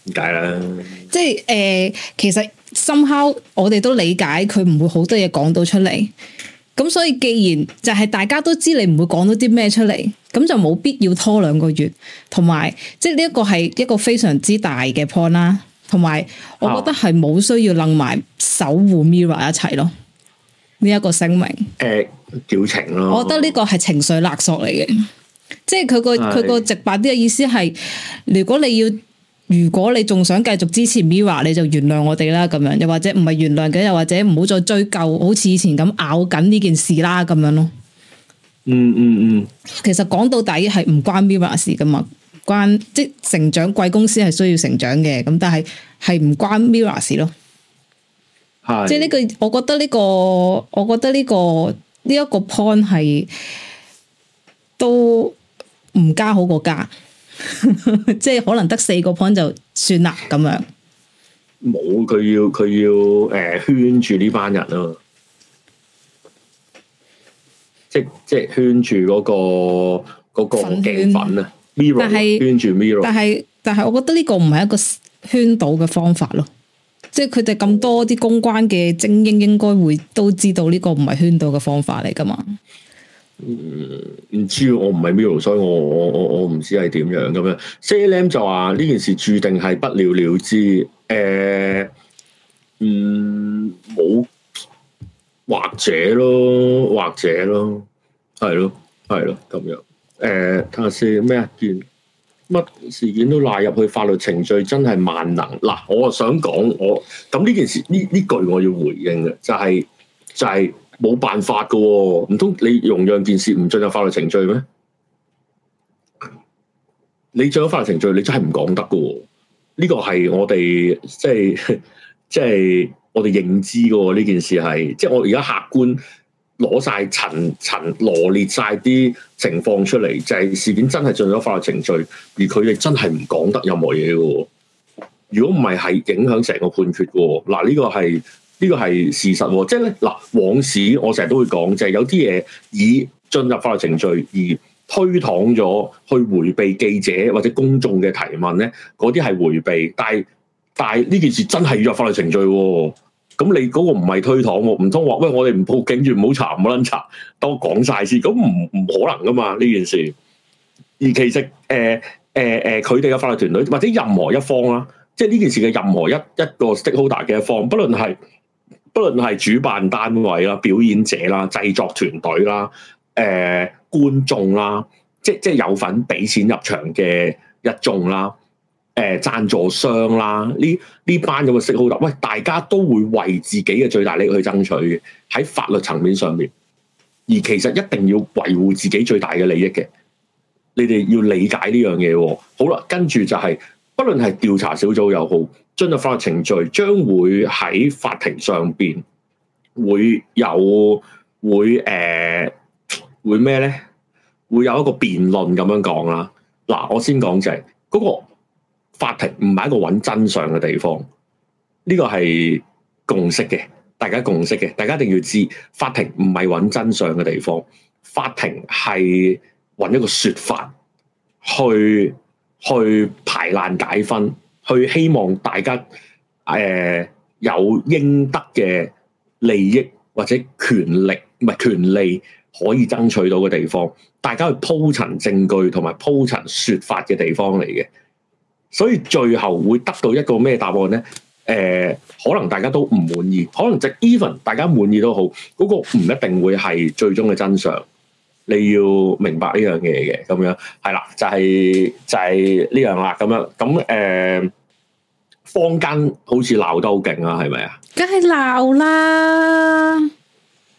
點解啦即係誒、呃，其實 somehow 我哋都理解佢唔會好多嘢講到出嚟。咁所以既然就係大家都知你唔會講到啲咩出嚟，咁就冇必要拖兩個月。同埋，即係呢一個係一個非常之大嘅 point 啦。同埋，我覺得係冇需要楞埋守護 Mirror 一齊咯。呢、這、一個聲明誒，表、呃、情咯。我覺得呢個係情緒勒索嚟嘅。即係佢個佢個直白啲嘅意思係，如果你要，如果你仲想繼續支持 Mirror，你就原諒我哋啦，咁樣，又或者唔係原諒嘅，又或者唔好再追究，好似以前咁咬緊呢件事啦，咁樣咯。嗯嗯嗯。嗯嗯，其實講到底係唔關 Mirror 事噶嘛，關即成長貴公司係需要成長嘅，咁但係係唔關 Mirror 事咯。係是。即係、這、呢個，我覺得呢、這個，我覺得呢、這個呢一、這個 point 係。都唔加好加 個價，呃啊，即係可能得四個 point 就算啦咁樣。冇佢要佢要誒圈住呢班人咯，即係即係圈住嗰個嗰個鏡粉啊。但係圈住 Mirror，但係但係，我覺得呢個唔係一個圈到嘅方法咯。即係佢哋咁多啲公關嘅精英，應該會都知道呢個唔係圈到嘅方法嚟噶嘛。嗯，唔知我唔係 Mirror 所以我我我我唔知係點樣咁樣。Sam、嗯、就話呢件事注定係不了了之。誒、欸，嗯，冇或者咯，或者咯，係咯，係咯，咁樣。誒、欸，睇下先咩啊？件乜事件都賴入去法律程序，真係萬能。嗱，我想講我咁呢件事呢呢句我要回應嘅，就係、是、就係、是。冇辦法嘅，唔通你容讓件事唔進入法律程序咩？你進咗法律程序，你真係唔講得嘅。呢、這個係我哋即係即係我哋認知嘅呢件事係即係我而家客觀攞晒層層羅列晒啲情況出嚟，就係、是、事件真係進咗法律程序，而佢哋真係唔講得任何嘢嘅。如果唔係，係影響成個判決，嗱，呢個係。呢個係事實喎、啊，即係咧嗱，往事我成日都會講，就係、是、有啲嘢以進入法律程序而推搪咗去回避記者或者公眾嘅提問咧，嗰啲係回避。但係但係呢件事真係要入法律程序喎、啊，咁你嗰個唔係推搪喎、啊，唔通話喂我哋唔報警住，完全唔好查，唔好撚查，等我講曬先，咁唔唔可能噶嘛呢件事。而其實誒誒誒，佢哋嘅法律團隊或者任何一方啦、啊，即係呢件事嘅任何一一個 stakeholder 嘅一方，不論係。不論係主辦單位啦、表演者啦、製作團隊啦、誒、呃、觀眾啦，即即有份俾錢入場嘅一眾啦、誒、呃、贊助商啦，呢呢班咁嘅識好喂，大家都會為自己嘅最大利益去爭取嘅，喺法律層面上面，而其實一定要維護自己最大嘅利益嘅，你哋要理解呢樣嘢喎。好啦，跟住就係、是、不論係調查小組又好。進入法律程序，將會喺法庭上邊會有會誒、呃、會咩咧？會有一個辯論咁樣講啦。嗱，我先講就係嗰個法庭唔係一個揾真相嘅地方，呢、這個係共識嘅，大家共識嘅，大家一定要知法庭唔係揾真相嘅地方，法庭係揾一個説法去去排難解紛。去希望大家、呃、有應得嘅利益或者權力，唔係權利可以爭取到嘅地方，大家去鋪陳證據同埋鋪陳説法嘅地方嚟嘅。所以最後會得到一個咩答案呢？呃，可能大家都唔滿意，可能就 even 大家滿意都好，嗰個唔一定會係最終嘅真相。你要明白呢樣嘢嘅，咁、就係就係、樣係、呃、啦，就係就係呢樣啦，咁樣咁誒，坊間好似鬧得好勁啊，係咪、嗯、啊？梗係鬧啦！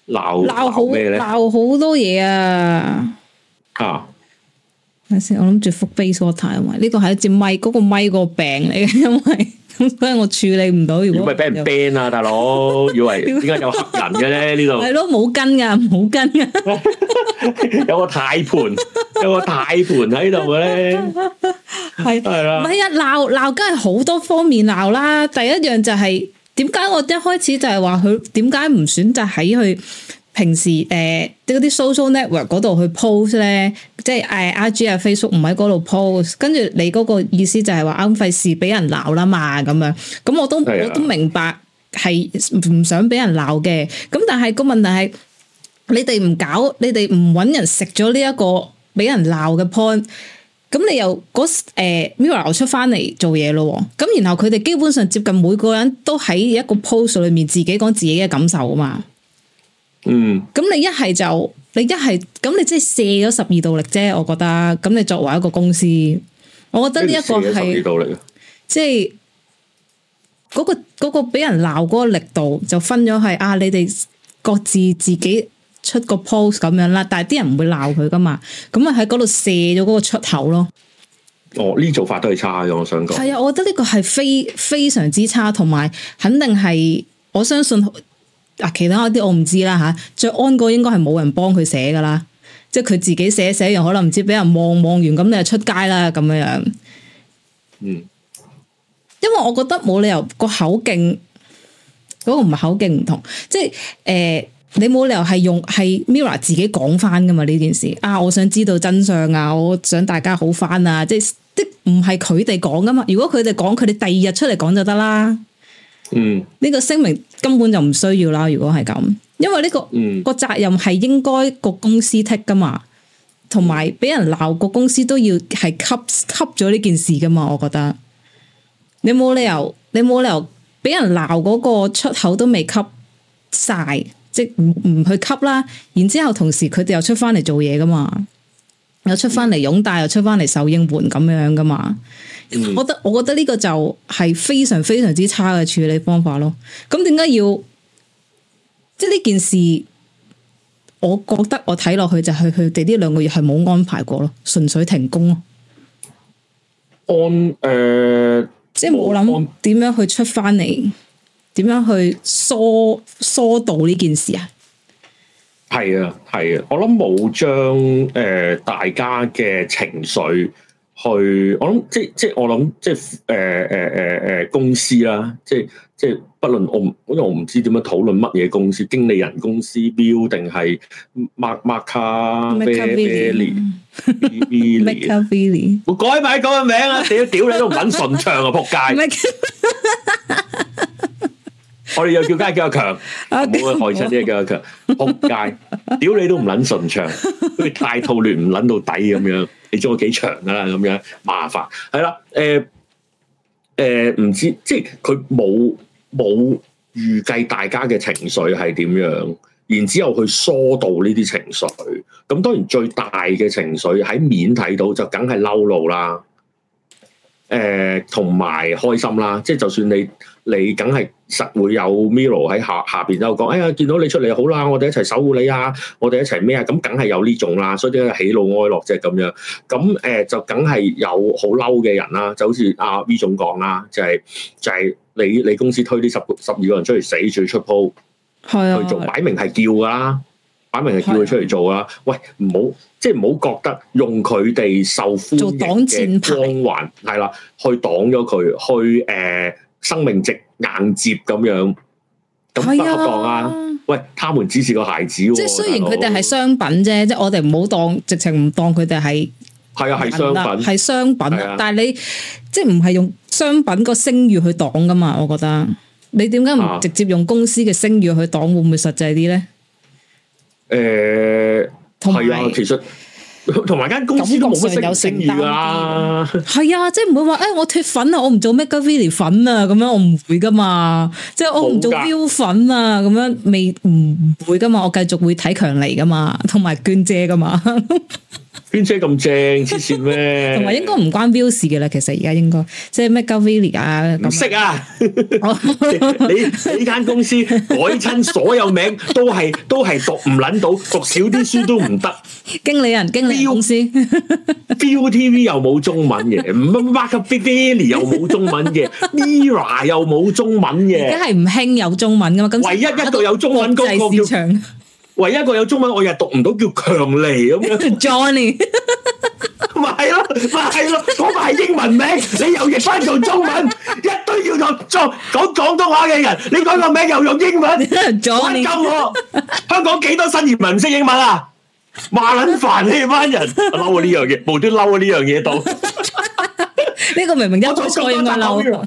鬧鬧咩咧？鬧好多嘢啊！吓！等下先，我諗住復 f a c e b o 呢個係一支咪，嗰、嗰個咪個病嚟嘅，因為。 我處理唔到，如果唔係俾人 ban 啊 大佬，以為點解有黑人嘅咧？呢度係咯，冇根噶，冇根噶，有個太盤， 有個太盤喺度嘅咧，係係啦，唔係 啊，鬧鬧梗係好多方面鬧啦，第一樣就係點解我一開始就係話佢點解唔選擇喺佢。平時誒、呃，即嗰啲 social network 嗰度去 post 咧，即係 I G 啊、Facebook 唔喺嗰度 post，跟住你嗰個意思就係話啱費事俾人鬧啦嘛，咁樣，咁我都、哎、呀我都明白係唔想俾人鬧嘅，咁但係個問題係你哋唔搞，你哋唔揾人食咗呢一個俾人鬧嘅 point，咁你又嗰誒 Mirror 又出翻嚟做嘢咯，咁然後佢哋基本上接近每個人都喺一個 post 裏面自己講自己嘅感受啊嘛。嗯，咁你一係就，你一係咁，你即係卸咗十二度力啫。我覺得，咁你作為一個公司，我覺得呢一個係，力即係嗰個嗰個俾人鬧嗰個力度，就分咗係啊，你哋各自自己出個 post 咁樣啦。但係啲人唔會鬧佢噶嘛，咁啊喺嗰度卸咗嗰個出口咯。哦，呢做法都係差嘅，我想講。係啊，我覺得呢個係非非常之差，同埋肯定係，我相信。啊，其他一啲我唔知啦吓，著安哥應該係冇人幫佢寫噶啦，即係佢自己寫寫完，可能唔知俾人望望完咁，你就出街啦咁樣樣。嗯，因為我覺得冇理由口、嗰個口徑嗰個唔係口徑唔同，即係誒、呃，你冇理由係用係 Mirror 自己講翻噶嘛呢件事啊，我想知道真相啊，我想大家好翻啊，即係啲唔係佢哋講噶嘛，如果佢哋講，佢哋第二日出嚟講就得啦。嗯，呢個聲明，根本就唔需要啦，如果係咁，因為呢、這個、嗯、個責任係應該個公司剔 a 噶嘛，同埋俾人鬧個公司都要係吸吸咗呢件事噶嘛，我覺得你冇理由，你冇理由俾人鬧嗰個出口都未吸晒，即唔唔去吸啦，然之後同時佢哋又出翻嚟做嘢噶嘛。又出翻嚟擁戴，又出翻嚟受應援咁樣噶嘛？Mm-hmm. 我覺得，我覺得呢個就係非常非常之差嘅處理方法咯。咁點解要即係呢件事？我覺得我睇落去就係佢哋呢兩個月係冇安排過咯，純粹停工咯。按 On ,、uh, 即係冇諗點樣去出翻嚟，點 on, 樣去疏疏導呢件事啊？係啊，係啊，我諗冇將誒大家嘅情緒去，我諗即即我諗即誒誒誒誒公司啦、啊，即即不論我，因為我唔知點樣討論乜嘢公司，經理人公司 Bill 定係 Mark Mark MakerVille，MakerVille 我改埋嗰個名啊，屌屌你都唔肯順暢啊，仆街！ 我哋又叫加叫阿強，冇去 害親啲叫阿強扑街，屌你都唔捻順暢，佢 太套亂唔捻到底咁樣，你做幾長啦咁樣麻煩，係啦，誒誒唔知即係佢冇冇預計大家嘅情緒係點樣，然之後去疏導呢啲情緒，咁當然最大嘅情緒喺面睇到就梗係嬲怒啦，誒同埋開心啦，即係就算你。你梗係實會有 Miro 喺下下邊就講，哎呀見到你出嚟好啦，我哋一齊守護你啊，我哋一齊咩啊，咁梗係有呢種啦，所以點解喜怒哀樂即係咁樣。咁誒、呃、就梗係有好嬲嘅人啦，就好似阿 V 總講啦，就係、是、就係、是、你你公司推啲十十二個人出嚟死住出，出鋪是、啊、去做，擺明係叫噶啦，擺明係叫佢出嚟做啦。啊、喂，唔好即係唔好覺得用佢哋受歡迎嘅光環係啦，去擋咗佢去誒。呃生命值硬接咁樣，咁恰當啊？啊喂，他們只是個孩子，啊，即係雖然佢哋係商品啫，即係、啊、我哋唔好當，直情唔當佢哋係係啊，係商品，係商品，啊、但係你即係唔係用商品個聲譽去擋噶嘛？我覺得、嗯、你點解唔直接用公司嘅聲譽去擋、啊、會唔會實際啲咧？誒、呃，係有啊，其實。同埋間公司都冇乜剩餘啦，係啊，啊，即係唔會話誒、哎，我脫粉啊，我唔做 MakerVille 粉啊，咁樣我唔會噶嘛，即係我唔做標粉啊，咁樣未唔會噶嘛，我繼續會睇強尼噶嘛，同埋娟姐噶嘛。 軒車咁正，黐線咩？同埋應該唔關 Bill 事嘅啦，其實而家應該即係咩 MakerVille 啊？唔識啊！你你間公司改親所有名都係都係讀唔捻到，讀少啲書都唔得。經理人，經理公司，ViuTV 又冇中文嘅，MakerVille 又冇中文嘅，Mirror 又冇中文嘅，梗係唔興有中文噶嘛？咁唯一一個有中文嗰個叫。唯一一個有中文我又讀唔到叫強尼咁樣。Johnny 咪係咯，咪係咯，嗰個係英文名，你又譯翻做中文一堆要講講廣東話嘅人，你改個名又用英文，屈金我香港幾多新移民唔識英文啊？麻撚煩呢班人，嬲啊呢樣嘢，無端端嬲啊呢樣嘢到。呢個明明一個一個應該嬲。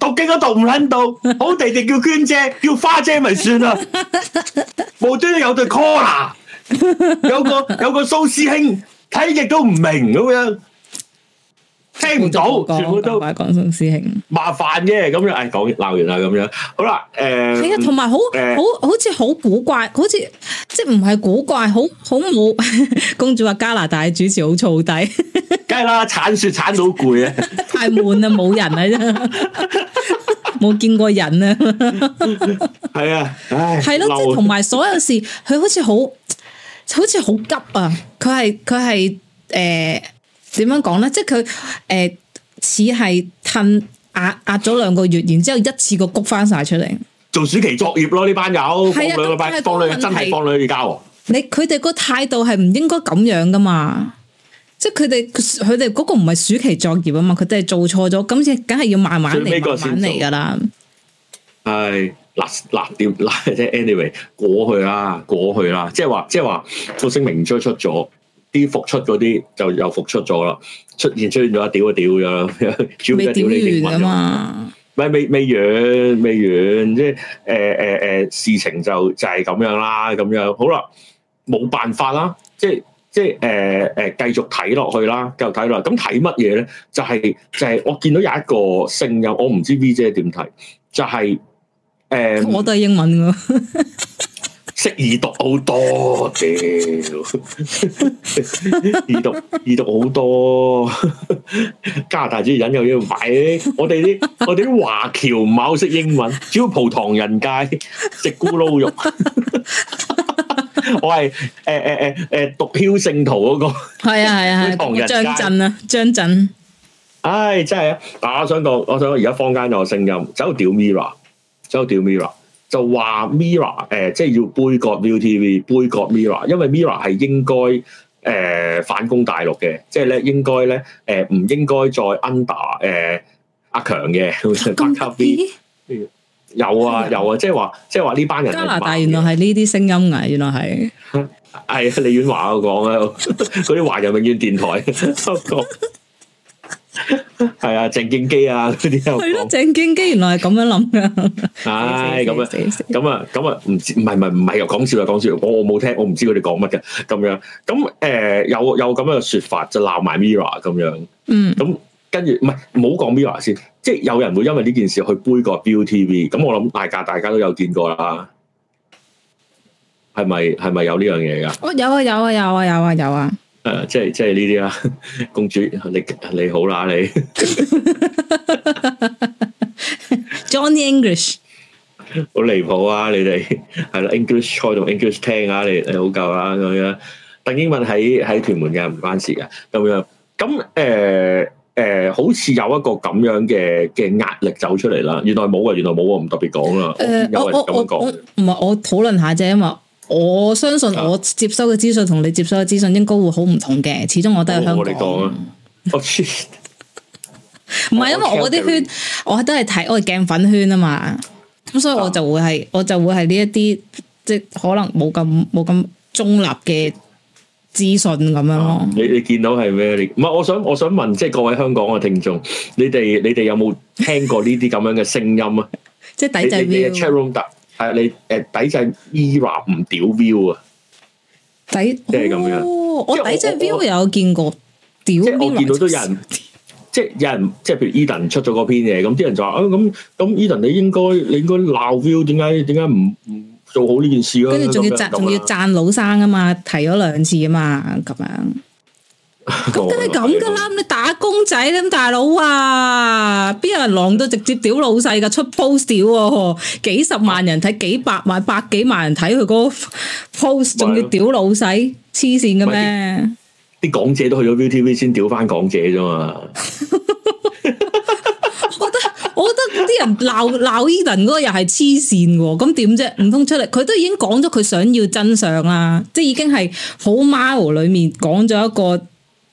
讀經都讀唔喺度，好地地叫娟姐，叫花姐咪算啦。無端端有對 caller，啊，有個有個蘇師兄，睇極都唔明咁樣。聽唔到，全部都講宋師兄麻煩啫，咁樣，誒講鬧完啦咁樣，好啦，誒係啊，同埋、呃、好好好似好古怪，好似即係唔係古怪，好好冇。 公主話加拿大嘅主持好燥底，梗係啦，鏟雪鏟到好攰啊 太悶，太悶啦，冇人啊，真冇見過人啊，係 啊，係咯，即係同埋所有事，佢好似好好似好急啊，佢係佢係誒。點樣講咧？即係佢誒似係褪壓壓咗兩個月，然之後一次過谷翻晒出嚟，做暑期作業咯。呢班友的放兩，這個班放，真的放你真係放你去教。你佢哋個態度係唔應該咁樣噶嘛？嗯、即係佢哋佢哋個唔係暑期作業啊嘛？佢哋係做錯咗，咁先梗係要慢慢嚟，個慢慢嚟噶、哎、啦。係，last last 點 last 即係 anyway 過去啦，過去啦。即係話，即係話，個聲明出出咗。啲復出嗰啲就又復出咗啦，出現出現咗一一，屌一屌咁樣，要屌你英文啊嘛，咪未未完未完，即係誒、欸欸、事情就就係咁樣啦，咁樣好啦，冇辦法啦，即係即係誒誒繼續睇落去啦，繼續睇落去。咁睇乜嘢咧？就係、是、就係、是、我見到有一個聲音，我唔知 V 姐點睇，就係、是、誒，欸、我都係英文嘅。 識耳讀好多，屌！耳讀耳讀好多，加拿大啲人又要擺啲，我哋啲我哋啲華僑唔係好識英文，主要蒲唐人街食咕嚕肉。我係誒誒誒誒，獨梟聖徒嗰個，係啊係啊唐人街啊，張震。唉，真係啊！但我想講，我想講，而家坊間有個聲音，走去屌 Mirror，走去屌 Mirror。就話 Mirror 誒、呃，即係要杯葛 ViuTV，杯葛 Mirror，因為 Mirror 係應該誒反、呃、攻大陸嘅，即係咧應該咧誒唔應該再 under 誒、呃、阿強嘅。咁有啊有啊，即係話即係話呢班人。加拿大原來係呢啲聲音啊，原來係係李婉華我講啊，嗰啲 華人永遠電台收購。 係 啊，鄭敬基啊，嗰啲係咯，鄭敬基原來係咁樣諗噶。唉 哎，咁樣，咁啊，咁啊，唔唔係唔係唔係又講笑啊，講笑，我我冇聽，我唔知佢哋講乜嘅，咁樣，咁誒、呃，有有咁樣嘅說法就鬧埋 Mirror 咁樣，這樣嗯，咁跟住唔係，唔好講 Mirror 先，即係有人會因為呢件事去杯葛 ViuTV，咁我諗大家大家都有見過啦，係咪係咪有呢樣嘢噶？哦，有啊，有啊，有啊，有啊，有啊。誒、啊，即係即係呢啲啦，公主，你你好啦，你 Johnny English 好離譜啊！你哋係啦，English 蔡同 English 鄧啊，你你好夠啦咁樣。鄧英文喺喺屯門嘅，唔關事噶咁樣。咁誒誒，好似有一個咁樣嘅嘅壓力走出嚟啦。原來冇啊，原來冇啊，唔特別講啦。呃、我有、呃哦哦、我、哦、我我我唔係我討論下啫因為。我相信我接收嘅資訊同你接收嘅資訊應該會好唔同嘅，始終我都係香港。嚟講啊，唔係因為我啲圈，我都係睇我係鏡粉圈啊嘛，咁所以我就會係我就會係呢一啲即係可能冇咁冇咁中立嘅資訊咁樣咯。你你見到係咩？唔係我想我想問，即係各位香港嘅聽眾，你哋你哋有冇聽過呢啲咁樣嘅聲音啊？即係抵制呢？係、啊、你誒、呃、抵制 Era 唔屌 View 啊！抵即係咁樣，我抵制 View 有我見過屌 View，即見到都有人，即係有人即係譬如 Edan 出咗嗰篇嘢，咁啲 人就話：啊咁咁 Edan 你應該你應該鬧 View，點解點解唔唔做好呢件事咯、啊？跟住仲要讚仲要讚老生啊嘛，提咗兩次啊嘛，咁樣。咁梗係咁噶啦！你打工仔咁大佬啊，邊有人浪到直接屌老細噶 出 post 喎？幾十萬人睇，幾百萬、百幾萬人睇佢嗰個 post，仲要屌老細，黐線嘅咩？啲港姐都去咗 VTV 先屌翻港姐啫嘛？我覺得，我覺得啲人鬧鬧 Edan 嗰個又係黐線嘅，咁點啫？唔通出嚟？佢都已經講咗佢想要真相啦，即係已經係好 Miro 裏面講咗一個。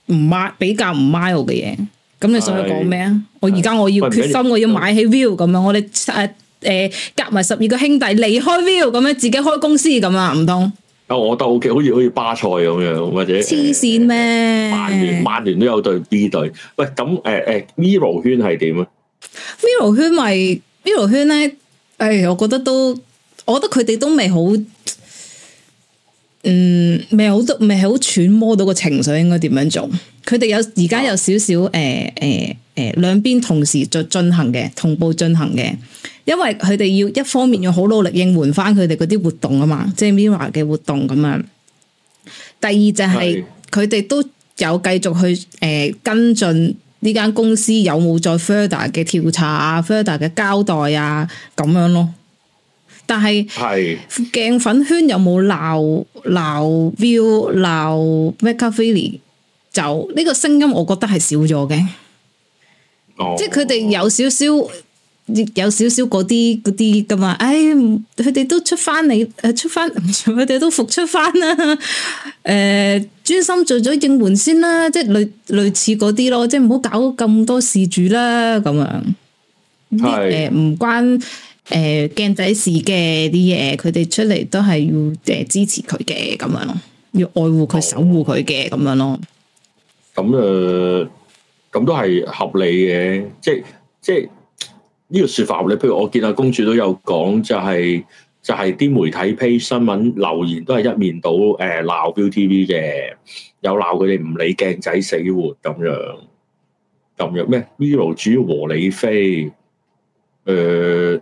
唔比較唔 mile 嘅嘢，咁你想佢講咩啊？的我而家我要決心，我要買起 Viu 咁樣，我哋誒誒夾埋十二個兄弟離開 Viu 咁樣，自己開公司咁啊？唔通？啊、哦，我覺得 OK，好似好似巴塞咁樣，或者黐線咩？曼聯曼聯都有隊 B 隊，喂、呃，咁誒誒，Miro 圈係點啊？Miro 圈咪 Miro 圈咧？誒、哎，我覺得都，我覺得佢哋都未好。嗯，未好多，未好揣摩到個情緒應該點樣做。佢哋有而家有少少誒誒誒，兩、呃、邊、呃呃、同時進進行嘅，同步進行嘅，因為佢哋要一方面要好努力應援返佢哋嗰啲活動啊嘛，即係 Mirror 嘅活動咁樣。第二就係佢哋都有繼續去誒、呃、跟進呢間公司有冇再 Further 嘅調查啊，Further 嘅交代啊，咁樣咯。但係是鏡粉圈有冇鬧鬧 Viu 鬧 MakerVille 就呢、這個聲音，我覺得係少咗嘅。哦、即係佢哋有少少，有少少嗰啲嗰啲咁嘛。唉、哎，佢哋都出翻嚟，誒出翻，佢哋都復出翻啦。誒、 呃，專心做咗應援先啦，即係類類似嗰啲咯，即係唔好搞咁多事住啦，咁樣。係誒是，唔、嗯呃、關。誒，鏡、嗯、仔事嘅啲嘢，佢哋出嚟都係要誒、呃、支持佢嘅咁樣咯，要愛護佢、oh. 守護佢嘅咁樣咯。咁誒、咁、呃、都係合理嘅，即係即係呢、這個說法咧。譬如我見阿公主都有講、就是，就係就係啲媒體批新聞、留言都係一面倒，誒鬧 ViuTV 嘅，有鬧佢哋唔理鏡仔死活咁樣，咁樣咩？Miro 主要和理非，誒、呃。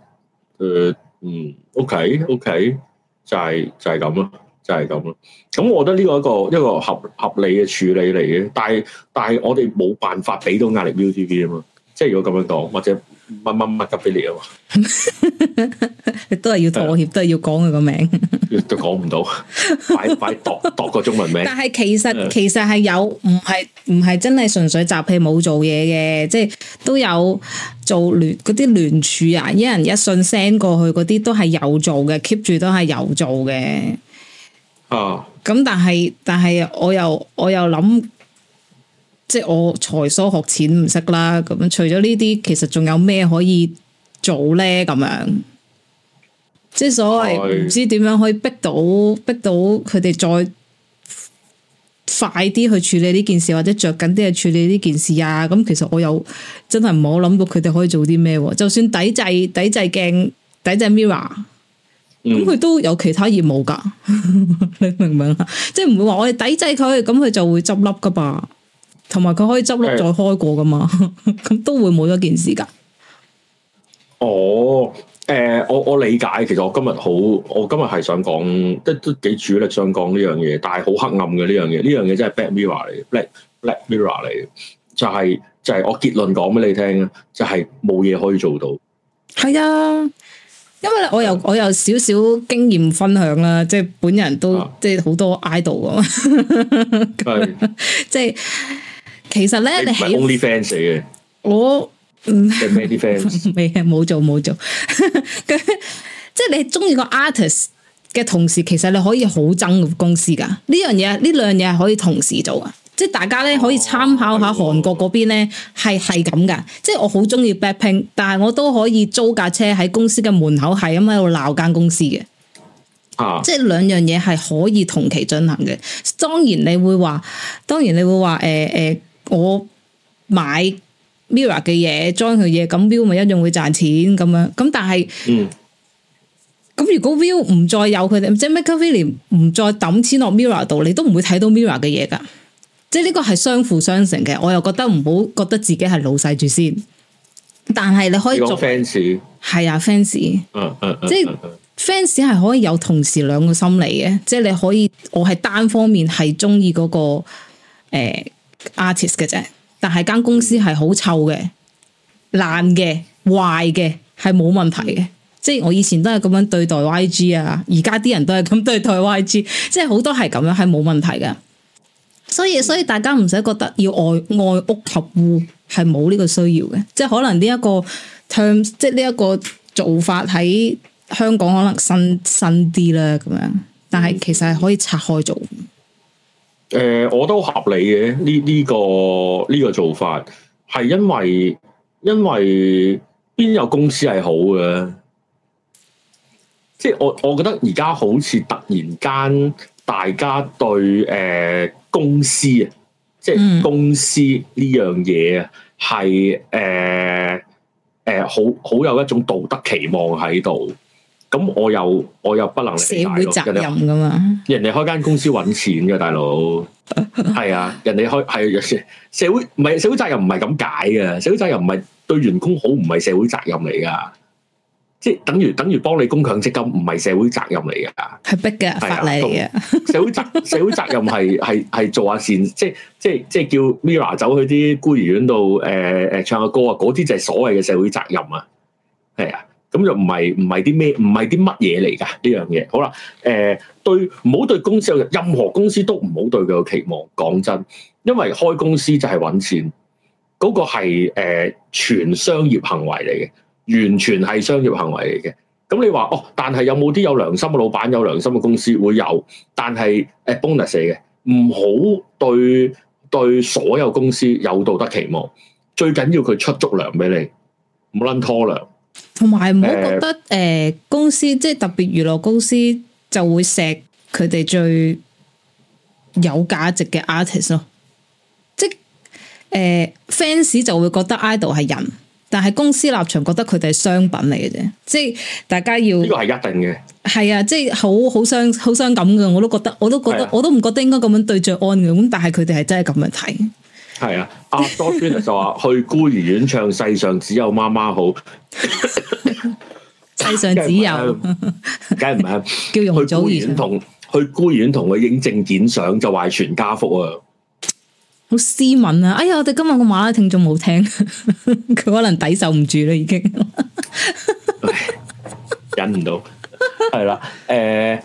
誒、呃，嗯，OK，OK，okay, okay, 就係就係咁咯，就係咁咯。咁、就是、我覺得呢個是一個一個合合理嘅處理嚟嘅，但係但係我哋冇辦法俾到壓力 TVB 啊嘛，即係如果咁樣講，或者。乜乜乜德畀你啊！都係要妥協，都係要講佢個名，都講唔到，擺擺度度個中文名。但係其實其實係有，唔係唔係真係純粹集氣冇做嘢嘅，即係都有做聯嗰啲聯署啊，一人一信 send 過去嗰啲都係有做嘅，keep 住都係有做嘅。啊！咁但係但係我又我又諗。即係我才疏學淺唔識啦，咁樣除咗呢啲，其實仲有咩可以做咧？咁樣即係所謂唔知點樣可以逼到逼到佢哋再快啲去處理呢件事，或者著緊啲去處理呢件事呀？咁其實我又真係唔好諗過佢哋可以做啲咩喎？就算抵制抵制鏡、抵制 mirror，咁佢都有其他業務噶， 你明唔明啊？即係唔會話我哋抵制佢，咁佢就會執笠噶嘛。同埋佢可以執笠再開過噶嘛？咁、欸、 都會冇咗件事噶。哦，誒、欸，我我理解，其實我今日好，我今日係想講，都都幾主力想講呢樣嘢，但係好黑暗嘅呢樣嘢，呢樣嘢真係 Black Mirror 嚟，Black Black Mirror 嚟，就係、是、就係、是、我結論講俾你聽啊，就係冇嘢可以做到。係啊，因為我又、啊、我有少少經驗分享啦，即、就、係、是、本人都即係好多 idol 啊，即係。 是 就是其實咧，你係 only fans 嚟嘅？我唔即係 many fans 未啊！冇做冇做，即係 你中意個 artist 嘅同時，其實你可以好憎公司噶呢樣嘢，呢兩樣嘢係可以同時做噶。即係大家咧、哦、可以參考下韓國嗰邊咧，係係咁噶。即係我好中意 Blackpink 但係我都可以租架車喺公司嘅門口係咁喺度鬧間公司嘅。啊！即係兩樣嘢係可以同期進行嘅。當然你會話，當然你會話，誒、呃、誒。呃我買 mirror 嘅嘢裝佢嘢，咁 Viu 咪一樣會賺錢咁樣。咁但係，咁、嗯、如果 Viu 唔再有佢哋，即係 MakerVille 唔再抌錢落 mirror 度，你都唔會睇到 mirror 嘅嘢㗎。即係呢個係相輔相成嘅。我又覺得唔好覺得自己係老細住先。但係你可以做 fans，係啊 fans，、uh uh uh、即係 fans 係可以有同時兩個心理嘅，即係你可以我係單方面係中意嗰個誒。欸 artist 嘅啫，但係間公司係好臭嘅、爛嘅、壞嘅係冇問題嘅，即係我以前都係咁樣對待 YG 啊，而家啲人都係咁對待 YG，即係好多係咁樣係冇問題嘅，所以所以大家唔使覺得要愛愛屋及烏係冇呢個需要嘅，即係可能呢一個 terms 即係呢一個做法喺香港可能新新啲啦咁樣，但係其實係可以拆開做。誒、呃，我都合理嘅，呢呢個呢、呢個做法，係因為因為邊有公司係好嘅，即係我我覺得而家好似突然間大家對誒、呃、公司，嗯、即係公司呢樣嘢，啊，係誒誒好好有一種道德期望喺度。咁我又我又不能理解咯。社會責任噶嘛？人哋開間公司搵錢嘅大佬，係啊，人哋開係社社會，唔係社會責任唔係咁解嘅。社會責任唔係對員工好，唔係社會責任嚟噶。即係等於等於幫你供強積金，唔係社會責任嚟噶。係逼嘅，啊、法例嘅 社會責社會責任係係係做下善，即係即係即係叫 Mira 走去啲孤兒院度，誒、呃、誒唱下歌啊，嗰啲就係所謂嘅社會責任啊，係啊。咁就唔係唔係啲咩，唔係啲乜嘢嚟噶呢樣嘢。好啦，誒、呃，對，唔好對公司有任何公司都唔好對佢嘅期望。講真，因為開公司就係搵錢，嗰、那個係誒、呃、全商業行為嚟嘅，完全係商業行為嚟嘅。咁你話哦，但係有冇啲有，有良心嘅老闆、有良心嘅公司會有？但係誒、呃、bonus 嘅，唔好對對所有公司有道德期望。最緊要佢出足糧俾你，唔好捻拖糧。同埋唔好覺得誒、呃呃，公司即係特別娛樂公司就會錫佢哋最有價值嘅 artist 咯，即誒 fans、呃、就會覺得 idol 係人，但係公司立場覺得佢哋係商品嚟嘅啫，即係大家要呢個係一定嘅，係啊，即係好好傷好傷感㗎，我都覺得，我都覺得，的我都唔覺得應該咁樣對着安嘅，咁但係佢哋係真係咁樣睇。係啊，阿多芬就話去孤兒院唱《世上只有媽媽好》， 世上只有 是、啊，梗係唔係叫用咗去孤兒院同去孤兒院同佢影證件相，就話全家福啊！好斯文啊！哎呀，我哋今日個馬拉聽眾冇聽，佢 可能抵受唔住啦，已經 忍唔不到，係 啦， 誒、呃。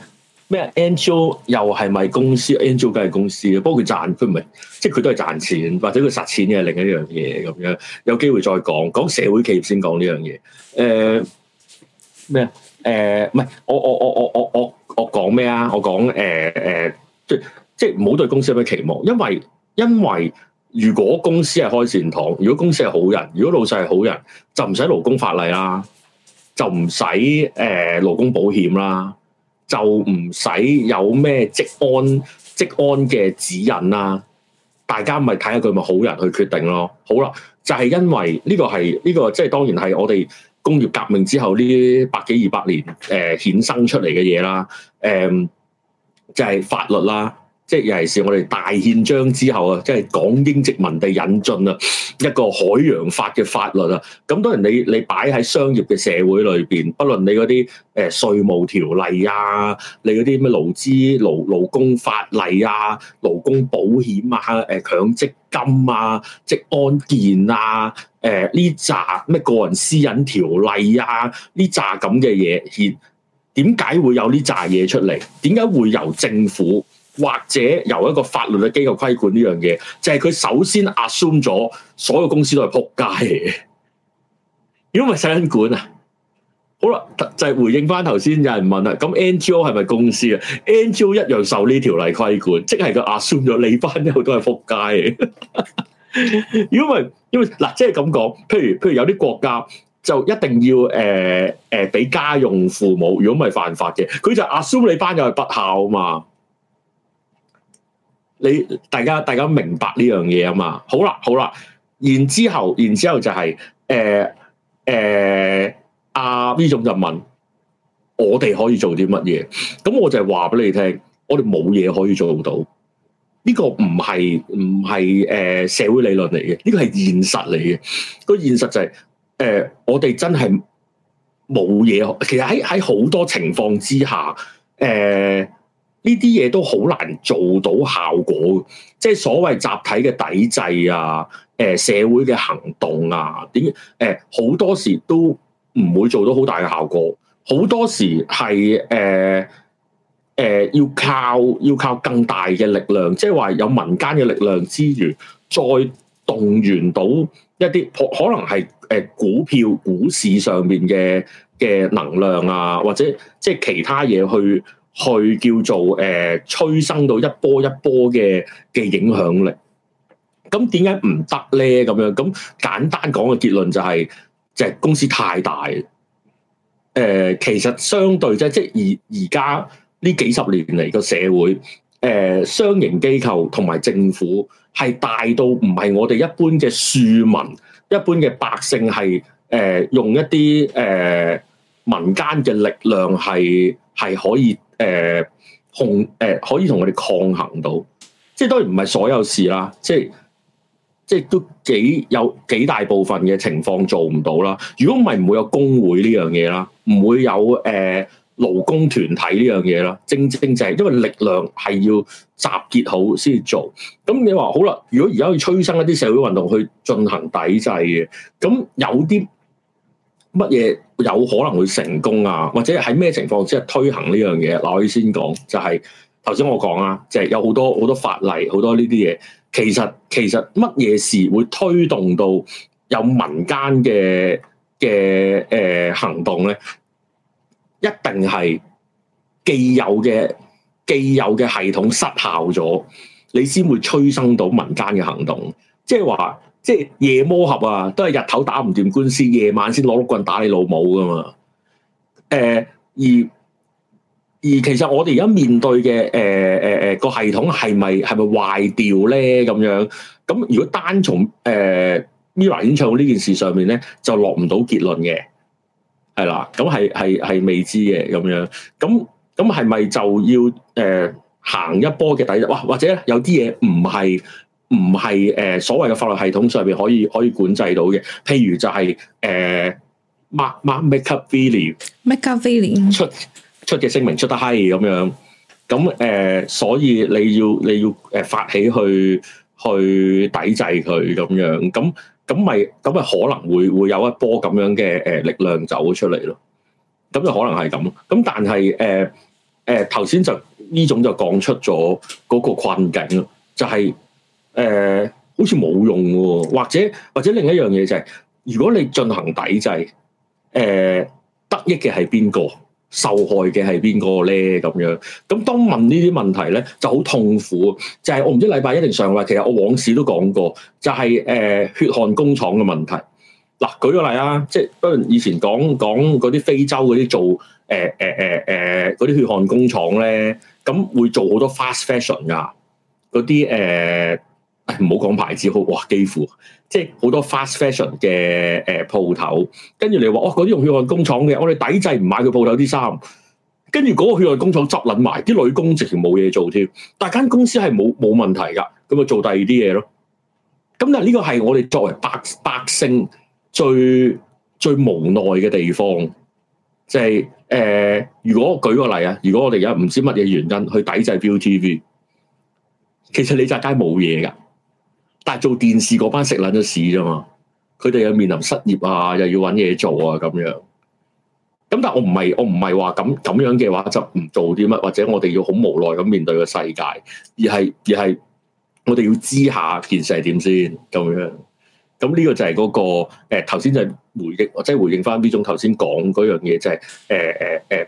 咩 NGO 又係咪公司 NGO 梗係公司，公司包括他他不過佢賺佢唔係，即係佢都係賺錢，或者佢實踐嘅另一樣嘢咁樣。有機會再講，講社會企業先講呢樣嘢。誒咩啊？誒唔係我我我我我我講咩啊？我講誒誒，即即唔好對公司有咩期望，因為因為如果公司係開善堂，如果公司係好人，如果老細係好人，就唔使勞工法例啦，就唔使誒勞工保險啦。就唔使有咩職安職安嘅指引啦，啊，大家咪睇下佢咪好人去決定咯。好啦，就係、是、因為呢個係呢、呢個即係當然係我哋工業革命之後呢百幾二百年誒、呃、衍生出嚟嘅嘢啦，誒、呃、就係、是、法律啦。即係尤其是我哋大憲章之後啊，即係港英殖民地引進啊一個海洋法嘅法律啊。咁當然你你擺喺商業嘅社會裏邊，不論你嗰啲誒稅務條例啊，你嗰啲咩勞資勞勞工法例啊、勞工保險啊、誒強積金啊、職安健啊、誒呢紮咩個人私隱條例啊，呢紮咁嘅嘢，點點解會有呢紮嘢出嚟？點解會由政府？或者由一個法律嘅機構規管呢樣嘢，就係、是、佢首先 assume 咗所有公司都係撲街嘅。如果唔係使人管啊，好啦，就係、是、回應翻頭先有人問啦。咁 NGO 係咪公司啊？NGO 一樣受呢條例規管，即係佢 assume 咗你班友都係都係撲街嘅。如果唔係，因為嗱，即係咁講，譬如譬如有啲國家就一定要誒誒俾家用父母，如果唔係犯法嘅，佢就 assume 你班又係不孝啊嘛。你大家大家明白呢樣嘢啊嘛？好啦好啦，然之後然之後就係誒誒阿 V 總就問我哋可以做啲乜嘢？咁我就係話俾你聽，我哋冇嘢可以做到。呢、這個唔係唔係誒社會理論嚟嘅，呢、這個係現實嚟嘅。個現實就係、是、誒、呃，我哋真係冇嘢。其實喺喺好多情況之下，誒、呃。呢啲嘢都好難做到效果，即係所謂集體嘅抵制啊，呃、社會嘅行動啊，點、呃、好多時都唔會做到好大嘅效果，好多時係、呃呃、要靠要靠更大嘅力量，即係話有民間嘅力量之餘，再動員到一啲可能係、呃、股票股市上面嘅嘅能量啊，或者即係其他嘢去。去叫做誒、呃，催生到一波一波嘅嘅影響力。咁點解唔得咧？咁樣咁簡單講嘅結論就係、是，係、就是、隻公司太大。誒、呃，其實相對即即係而而家呢幾十年嚟個社會，誒、呃，商營機構同埋政府係大到唔係我哋一般嘅庶民、一般嘅百姓係誒、呃，用一啲誒、呃、民間嘅力量係。係可以誒、呃、控誒、呃、可以同我哋抗衡到，即係當然唔係所有事啦，即係即係都幾有幾大部分嘅情況做唔到啦。如果唔係，唔會有工會呢樣嘢啦，唔會有誒、呃、勞工團體呢樣嘢啦。正正就係因為力量係要集結好先做。咁你話好啦，如果而家去催生一啲社會運動去進行抵制嘅，咁有啲。乜嘢有可能會成功啊？或者喺咩情況之下推行呢樣嘢？嗱，我先講就係頭先我講啊，就係有好多好多法例，好多呢啲嘢。其實其實乜嘢事會推動到有民間嘅嘅誒行動咧？一定係既有嘅既有嘅系統失效咗，你先會催生到民間嘅行動。即係話。即係夜魔俠啊，都係日頭打唔掂官司，夜晚先攞碌棍打你老母噶嘛。誒、呃、而而其實我哋而家面對嘅誒誒個系統係咪係咪壞掉咧咁樣？咁如果單從誒 Mirror 演唱會呢件事上面咧，就落唔到結論嘅。係啦，咁係係係未知嘅咁樣。咁咁係咪就要誒、呃、行一波嘅抵制？哇！或者有啲嘢唔係。唔係誒所謂嘅法律系統上邊，可以可以管制到嘅。譬如就係誒 Maker MakerVille，MakerVille 出出嘅聲明出得閪咁樣，咁誒、呃、所以你要你要誒發起去去抵制佢咁樣，咁咁咪咁咪可能會會有一波咁樣嘅誒力量走出嚟咯，咁就可能係咁咯，咁但係誒誒頭先就呢種就講出咗嗰個困境咯，就係、是。誒，好似冇用喎，或者或者另一樣嘢就係，如果你進行抵制，誒，得益嘅係邊個？受害嘅係邊個咧？咁樣，咁當問呢啲問題咧，就好痛苦。就係，我唔知禮拜一定上啦。其實我往事都講過，就係，誒，血汗工廠嘅問題。嗱，舉個例啦，即係不以前講講嗰啲非洲嗰啲做誒誒誒嗰啲血汗工廠咧，咁會做好多 fast fashion 噶嗰啲誒。唔好講牌子好，哇！幾乎即係好多 fast fashion 嘅、誒、呃、鋪頭，跟住你話哦，嗰啲用血汗工廠嘅，我哋抵制唔買佢鋪頭啲衫，跟住嗰個血汗工廠執捻埋，啲女工直情冇嘢做添。但係間公司係冇冇問題噶，咁啊做第二啲嘢咯。咁但係呢個係我哋作為百百姓最最無奈嘅地方，即係誒，如果我舉個例啊，如果我哋而家唔知乜嘢原因去抵制 ViuTV，其實李澤楷冇嘢噶。但係做電視嗰班食捻咗屎啫嘛，佢哋又面臨失業啊，又要揾嘢做啊，咁樣。咁但係我唔係我唔係話咁咁樣嘅話就唔做啲乜，或者我哋要好無奈咁面對個世界，而係而係我哋要知下件事係點先咁樣。咁呢個就係嗰個誒頭先就回憶或者回應，即係回應翻呢種頭先講嗰樣嘢就係誒誒誒，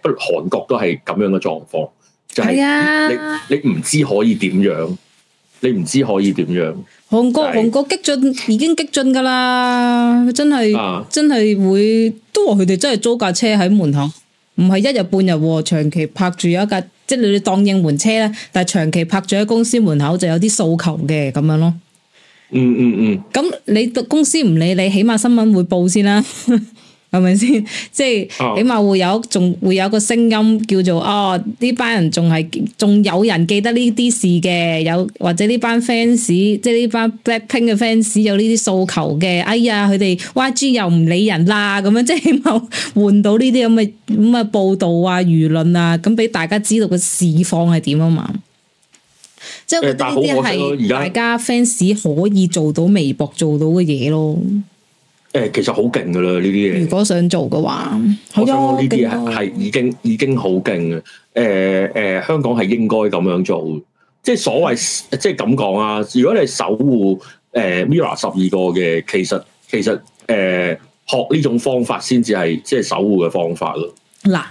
不、呃、韓國都係咁樣嘅狀況，就係、是、你呀你唔知可以點樣。你唔知可以點樣？韓國韓國激進已經激進㗎喇，真係真係會都話佢哋真係租架車喺門口，唔係一日半日，長期泊住有一架，即係你當應門車啦。但係長期泊住喺公司門口就有啲訴求嘅咁樣咯。嗯嗯嗯。咁你公司唔理你，起碼新聞會報先啦。係咪先？ 即係起碼會有，仲會有個聲音叫做哦，呢班人仲係仲有人記得呢啲事嘅，有或者呢班 fans，即係呢班 Blackpink 嘅 fans 有呢啲訴求嘅。哎呀，佢哋 YG 又唔理人啦，咁樣即係起碼換到呢啲咁嘅咁嘅報道啊、輿論啊，咁俾大家知道個事況係點啊嘛。即係我覺得呢啲係大家 fans 可以做到微博做到嘅嘢咯。誒，其實好勁嘅啦，呢啲嘢。如果想做嘅話，好有呢啲係係已經已經好勁嘅。誒、呃、誒、呃，香港係應該咁樣做。即係所謂即係咁講啊，如果你守護誒 Mirror 十二個嘅，其實其實誒、呃、學呢種方法先至係即係守護嘅方法咯。嗱。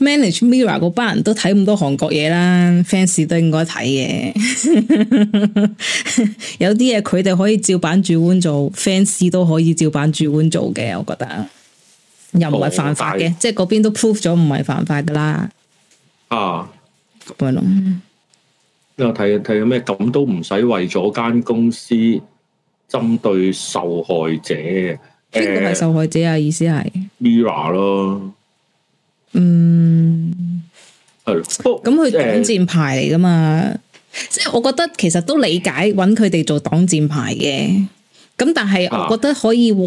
Manage Mirror 嗰班人都睇咁多韓國嘢啦，fans 都應該睇嘅。 有啲嘢佢哋可以照板煮碗做，fans 都可以照板煮碗做嘅。我覺得又唔係犯法嘅，嗯、即係嗰邊都 prove 咗唔係犯法噶啦。啊，咪龍、嗯，又睇睇咩？咁都唔使為咗間公司針對受害者，邊個係受害者啊？欸、意思係 Mirror 咯。嗯，係咯，咁佢擋箭牌嚟噶嘛？嗯、即係我覺得其實都理解揾佢哋做擋箭牌嘅，咁但係我覺得可以、啊、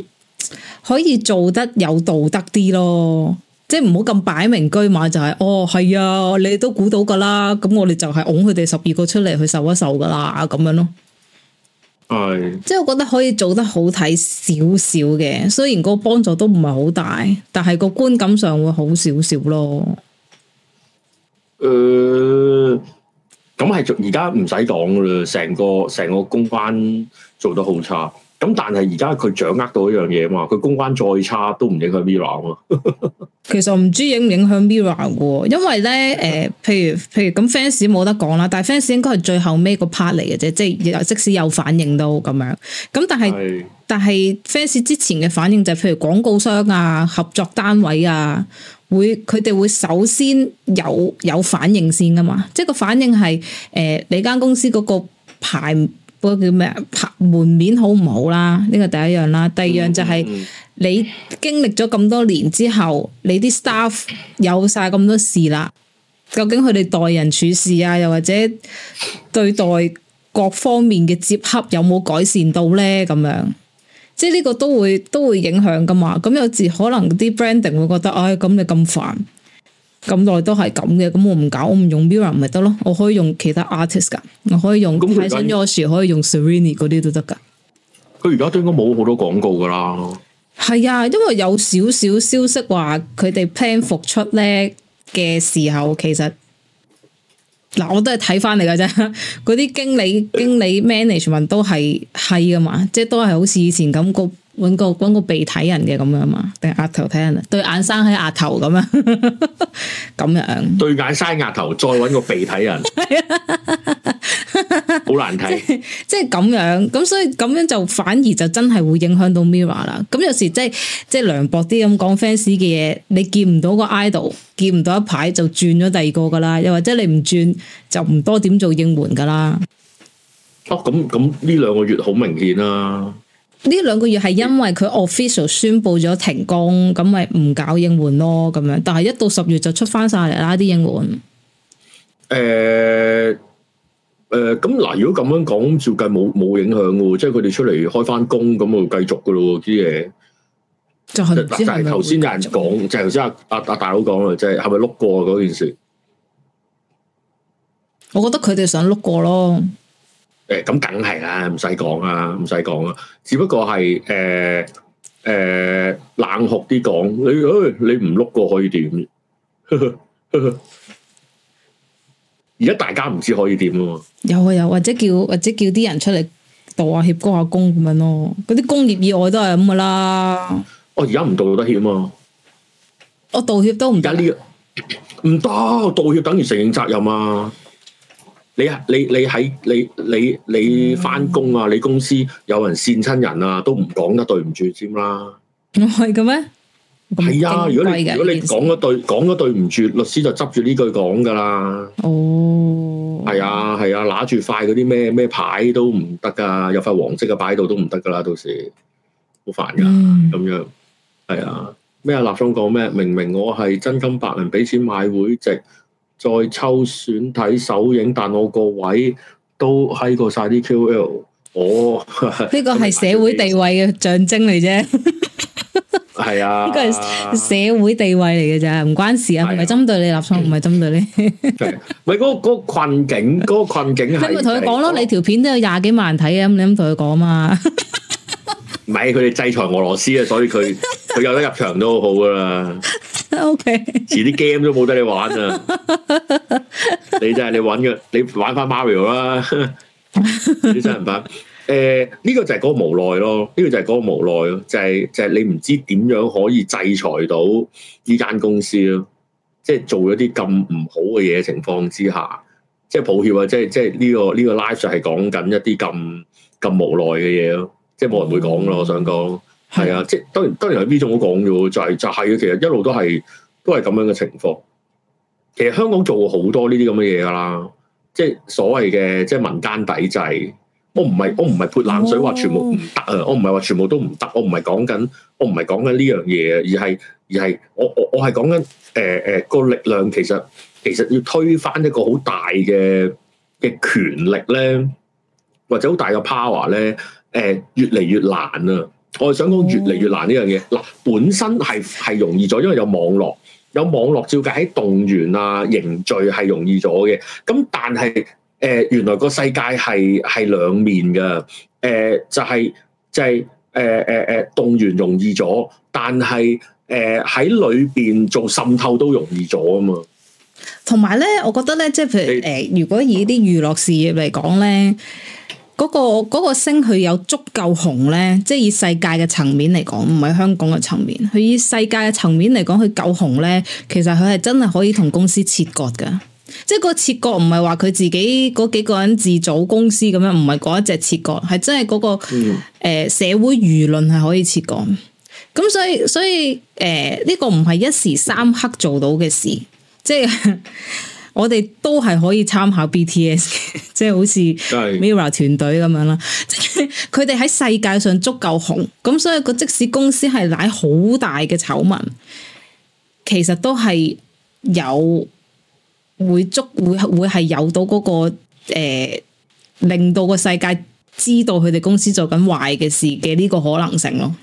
可以做得有道德啲咯，即係唔好咁擺明車馬就係、是，哦係啊，你都估到噶啦，咁我哋就係㧬佢哋十二個出嚟去受一受噶啦，咁樣咯。係，是即係我覺得可以做得好睇少少嘅，雖然個幫助都唔係好大，但係個觀感上會好少少咯。誒、呃，咁係而家唔使講噶啦，成個成個公關做得好差。咁但係而家佢掌握到一樣嘢啊嘛，佢公關再差都唔影響 Mirror 啊嘛。其實唔知影唔影響 Mirror 嘅喎，因為咧誒、呃，譬如譬如咁 fans 冇得講啦，但係 fans 應該係最後尾個 part 嚟嘅啫，即係即使有反應都咁樣。咁但係是 但係 fans 之前嘅反應就係、是、譬如廣告商啊、合作單位啊，會佢哋會首先有有反應先噶嘛，即係個反應係誒、呃、你間公司嗰個排。嗰個叫咩？拍門面好唔好啦？呢個第一樣啦，第二樣就係、是嗯、你經歷咗咁多年之後，你啲 staff 有晒咁多事啦，究竟佢哋待人處事啊，又或者對待各方面嘅接洽有冇改善到呢？咁樣即係呢個都會都會影響噶嘛。咁有時可能啲 branding 會覺得，唉、哎，咁你咁煩。咁耐都係咁嘅，咁我唔搞，我唔用 Mirror 咪得咯。我可以用其他 artist 噶我可以用 Tyson Yoshi 可以用 Serrini 嗰啲都得噶佢而家都應該冇好多廣告噶啦。係啊，因為有少少消息話佢哋 plan 復出咧嘅時候其實嗱我都係睇翻嚟㗎啫，嗰 啲經理經理 management 都係係噶嘛，即係都係好似以前咁個。揾個揾個鼻睇人嘅，咁樣嘛，定係額頭睇人啊？對眼生喺額頭咁樣，咁樣對眼生喺額頭，再揾個鼻睇人，好難睇。即係咁樣，咁所以咁樣就反而就真係會影響到 Mirror 啦。咁有時即係即係涼薄啲咁講 fans 嘅嘢，你見唔到個 idol，見唔到一排就轉咗第二個噶啦。又或者你唔轉就唔多點做應援噶啦。哦，咁咁呢兩個月好明顯啦，啊。呢兩個月係因為佢 official 宣布咗停工，咁咪唔搞應援咯咁樣。但係一到十月就出翻晒嚟啦啲應援，呃。誒誒，咁嗱，如果咁樣講，照計冇冇影響噶，即係佢哋出嚟開翻工，咁就繼續噶咯啲嘢。就係但係頭先有人講，就係頭先阿阿阿大佬講啦，即係係咪碌過嗰件事？我覺得佢哋想碌過咯。誒，咁梗係啦，唔使講喇，唔使講喇，只不過係，誒誒冷酷啲講，你誒、欸、你唔碌過可以點？而 家大家唔知可以點啊？有啊有，或者叫或者叫啲人出嚟道下歉、公下工咁樣咯。嗰啲工業意外都係咁噶啦。我而家唔道得歉啊！我道歉都唔得呢，唔得道歉等於承認責任啊！你，你，你，你，你，你啊，你你喺你你你返工啊，你公司有人跣親人啊，都唔講得對唔住先啦。唔係嘅咩？係啊如，如果你如果你講咗對講咗，哦、對唔住，律師就執住呢句講噶啦。哦，係啊係啊，拿住塊嗰啲咩咩牌都唔得噶，有塊黃色嘅擺喺度都唔得噶啦，到時好煩噶，咁、嗯、樣係啊。咩啊？立松講咩？明明，明，明，明我係真金白銀俾錢買會籍再抽選睇首映，但我個位都閪過晒啲 QL，我呢個係社會地位嘅象徵嚟啫，係啊，呢個係社會地位嚟嘅咋，唔關事啊，唔係針對你立場，唔係針對你。喂，嗰個嗰個困境，嗰個困境係咪同佢講咯？你條片都有廿幾萬人睇啊，咁你咁同佢講嘛？咪佢哋制裁俄羅斯啊，所以佢佢有得入場都好噶啦。O K，遲啲 game 都冇得你玩啊！你就係你玩嘅，你玩翻 Mario 啦，你真人版。誒，呢個就係嗰個無奈咯，呢個就係嗰個無奈咯，就係就係你唔知點樣可以制裁到呢間公司咯，即係做咗啲咁唔好嘅嘢情況之下，即係抱歉啊！即係即係呢個呢個 live 就係講緊一啲咁咁無奈嘅嘢咯。即係冇人會講咯，我想講係啊，的的即係當然當然係呢種好講嘅，就係就係嘅。其實一路都係都係咁樣嘅情況。其實香港做過好多呢啲咁嘅嘢㗎啦，即係所謂嘅即係民間抵制。我唔係我唔係潑冷水話全部唔得啊！哦、我唔係話全部都唔得。我唔係講緊我唔係講緊呢樣嘢，而係而係我我我係講緊誒誒個力量其實其實要推翻一個好大嘅嘅權力咧，或者好大嘅 power 咧。誒，越嚟越難啊！我哋想講越嚟越難呢樣嘢。嗱、嗯，本身係係容易咗，因為有網絡，有網絡，照計喺動員啊、凝聚係容易咗嘅。咁但係誒、呃，原來個世界係係兩面噶。誒、呃，就係、是、就係誒誒誒，動員容易咗，但係誒喺裏邊做滲透都容易咗啊嘛。同埋咧，我覺得咧，即係譬如誒、呃，如果以啲娛樂事業嚟講咧。嗰個嗰個星佢有足夠紅咧，即係以世界嘅層面嚟講，唔係香港嘅層面。佢以世界嘅層面嚟講，佢夠紅咧，其實佢係真係可以同公司切割嘅。即係個切割唔係話佢自己嗰幾個人自組公司咁樣，唔係嗰一隻切割，係真係嗰個，嗯，呃，社會輿論係可以切割。咁所以所以誒呢個唔係一時三刻做到嘅事，即係。我哋都係可以參考 BTS，即係、即係、好似 Mirror 團隊咁樣啦，佢哋喺世界上足夠紅，咁所以個即使公司係瀨好大嘅醜聞，其實都係有會足會會係有到嗰、嗰個、呃、令到個世界知道佢哋公司做緊壞嘅事嘅呢個可能性咯。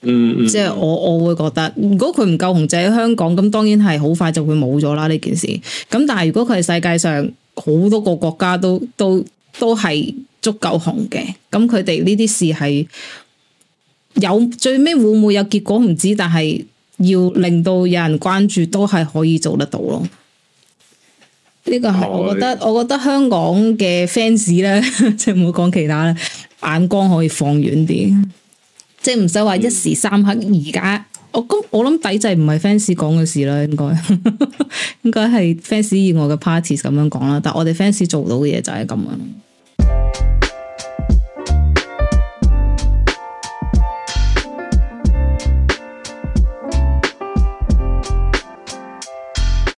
嗯，嗯，嗯是，即係我我會覺得，如果佢唔夠紅仔喺香港，咁當然係好快就會冇咗啦呢件事。咁但係如果佢係世界上好多個國家都都都係足夠紅嘅，咁佢哋呢啲事係有最尾會唔會有結果唔知，但係要令到有人關注都係可以做得到咯。呢、這個係我覺得，哎、我覺得香港嘅 fans 咧，即係唔好講其他啦，眼光可以放遠啲。即係唔使話一時三刻，而家我咁我諗抵制唔係 fans 講嘅事啦，應該 應該係 fans 以外嘅 parties 咁樣講啦，但係我哋 fans 做到嘅嘢，就係咁樣。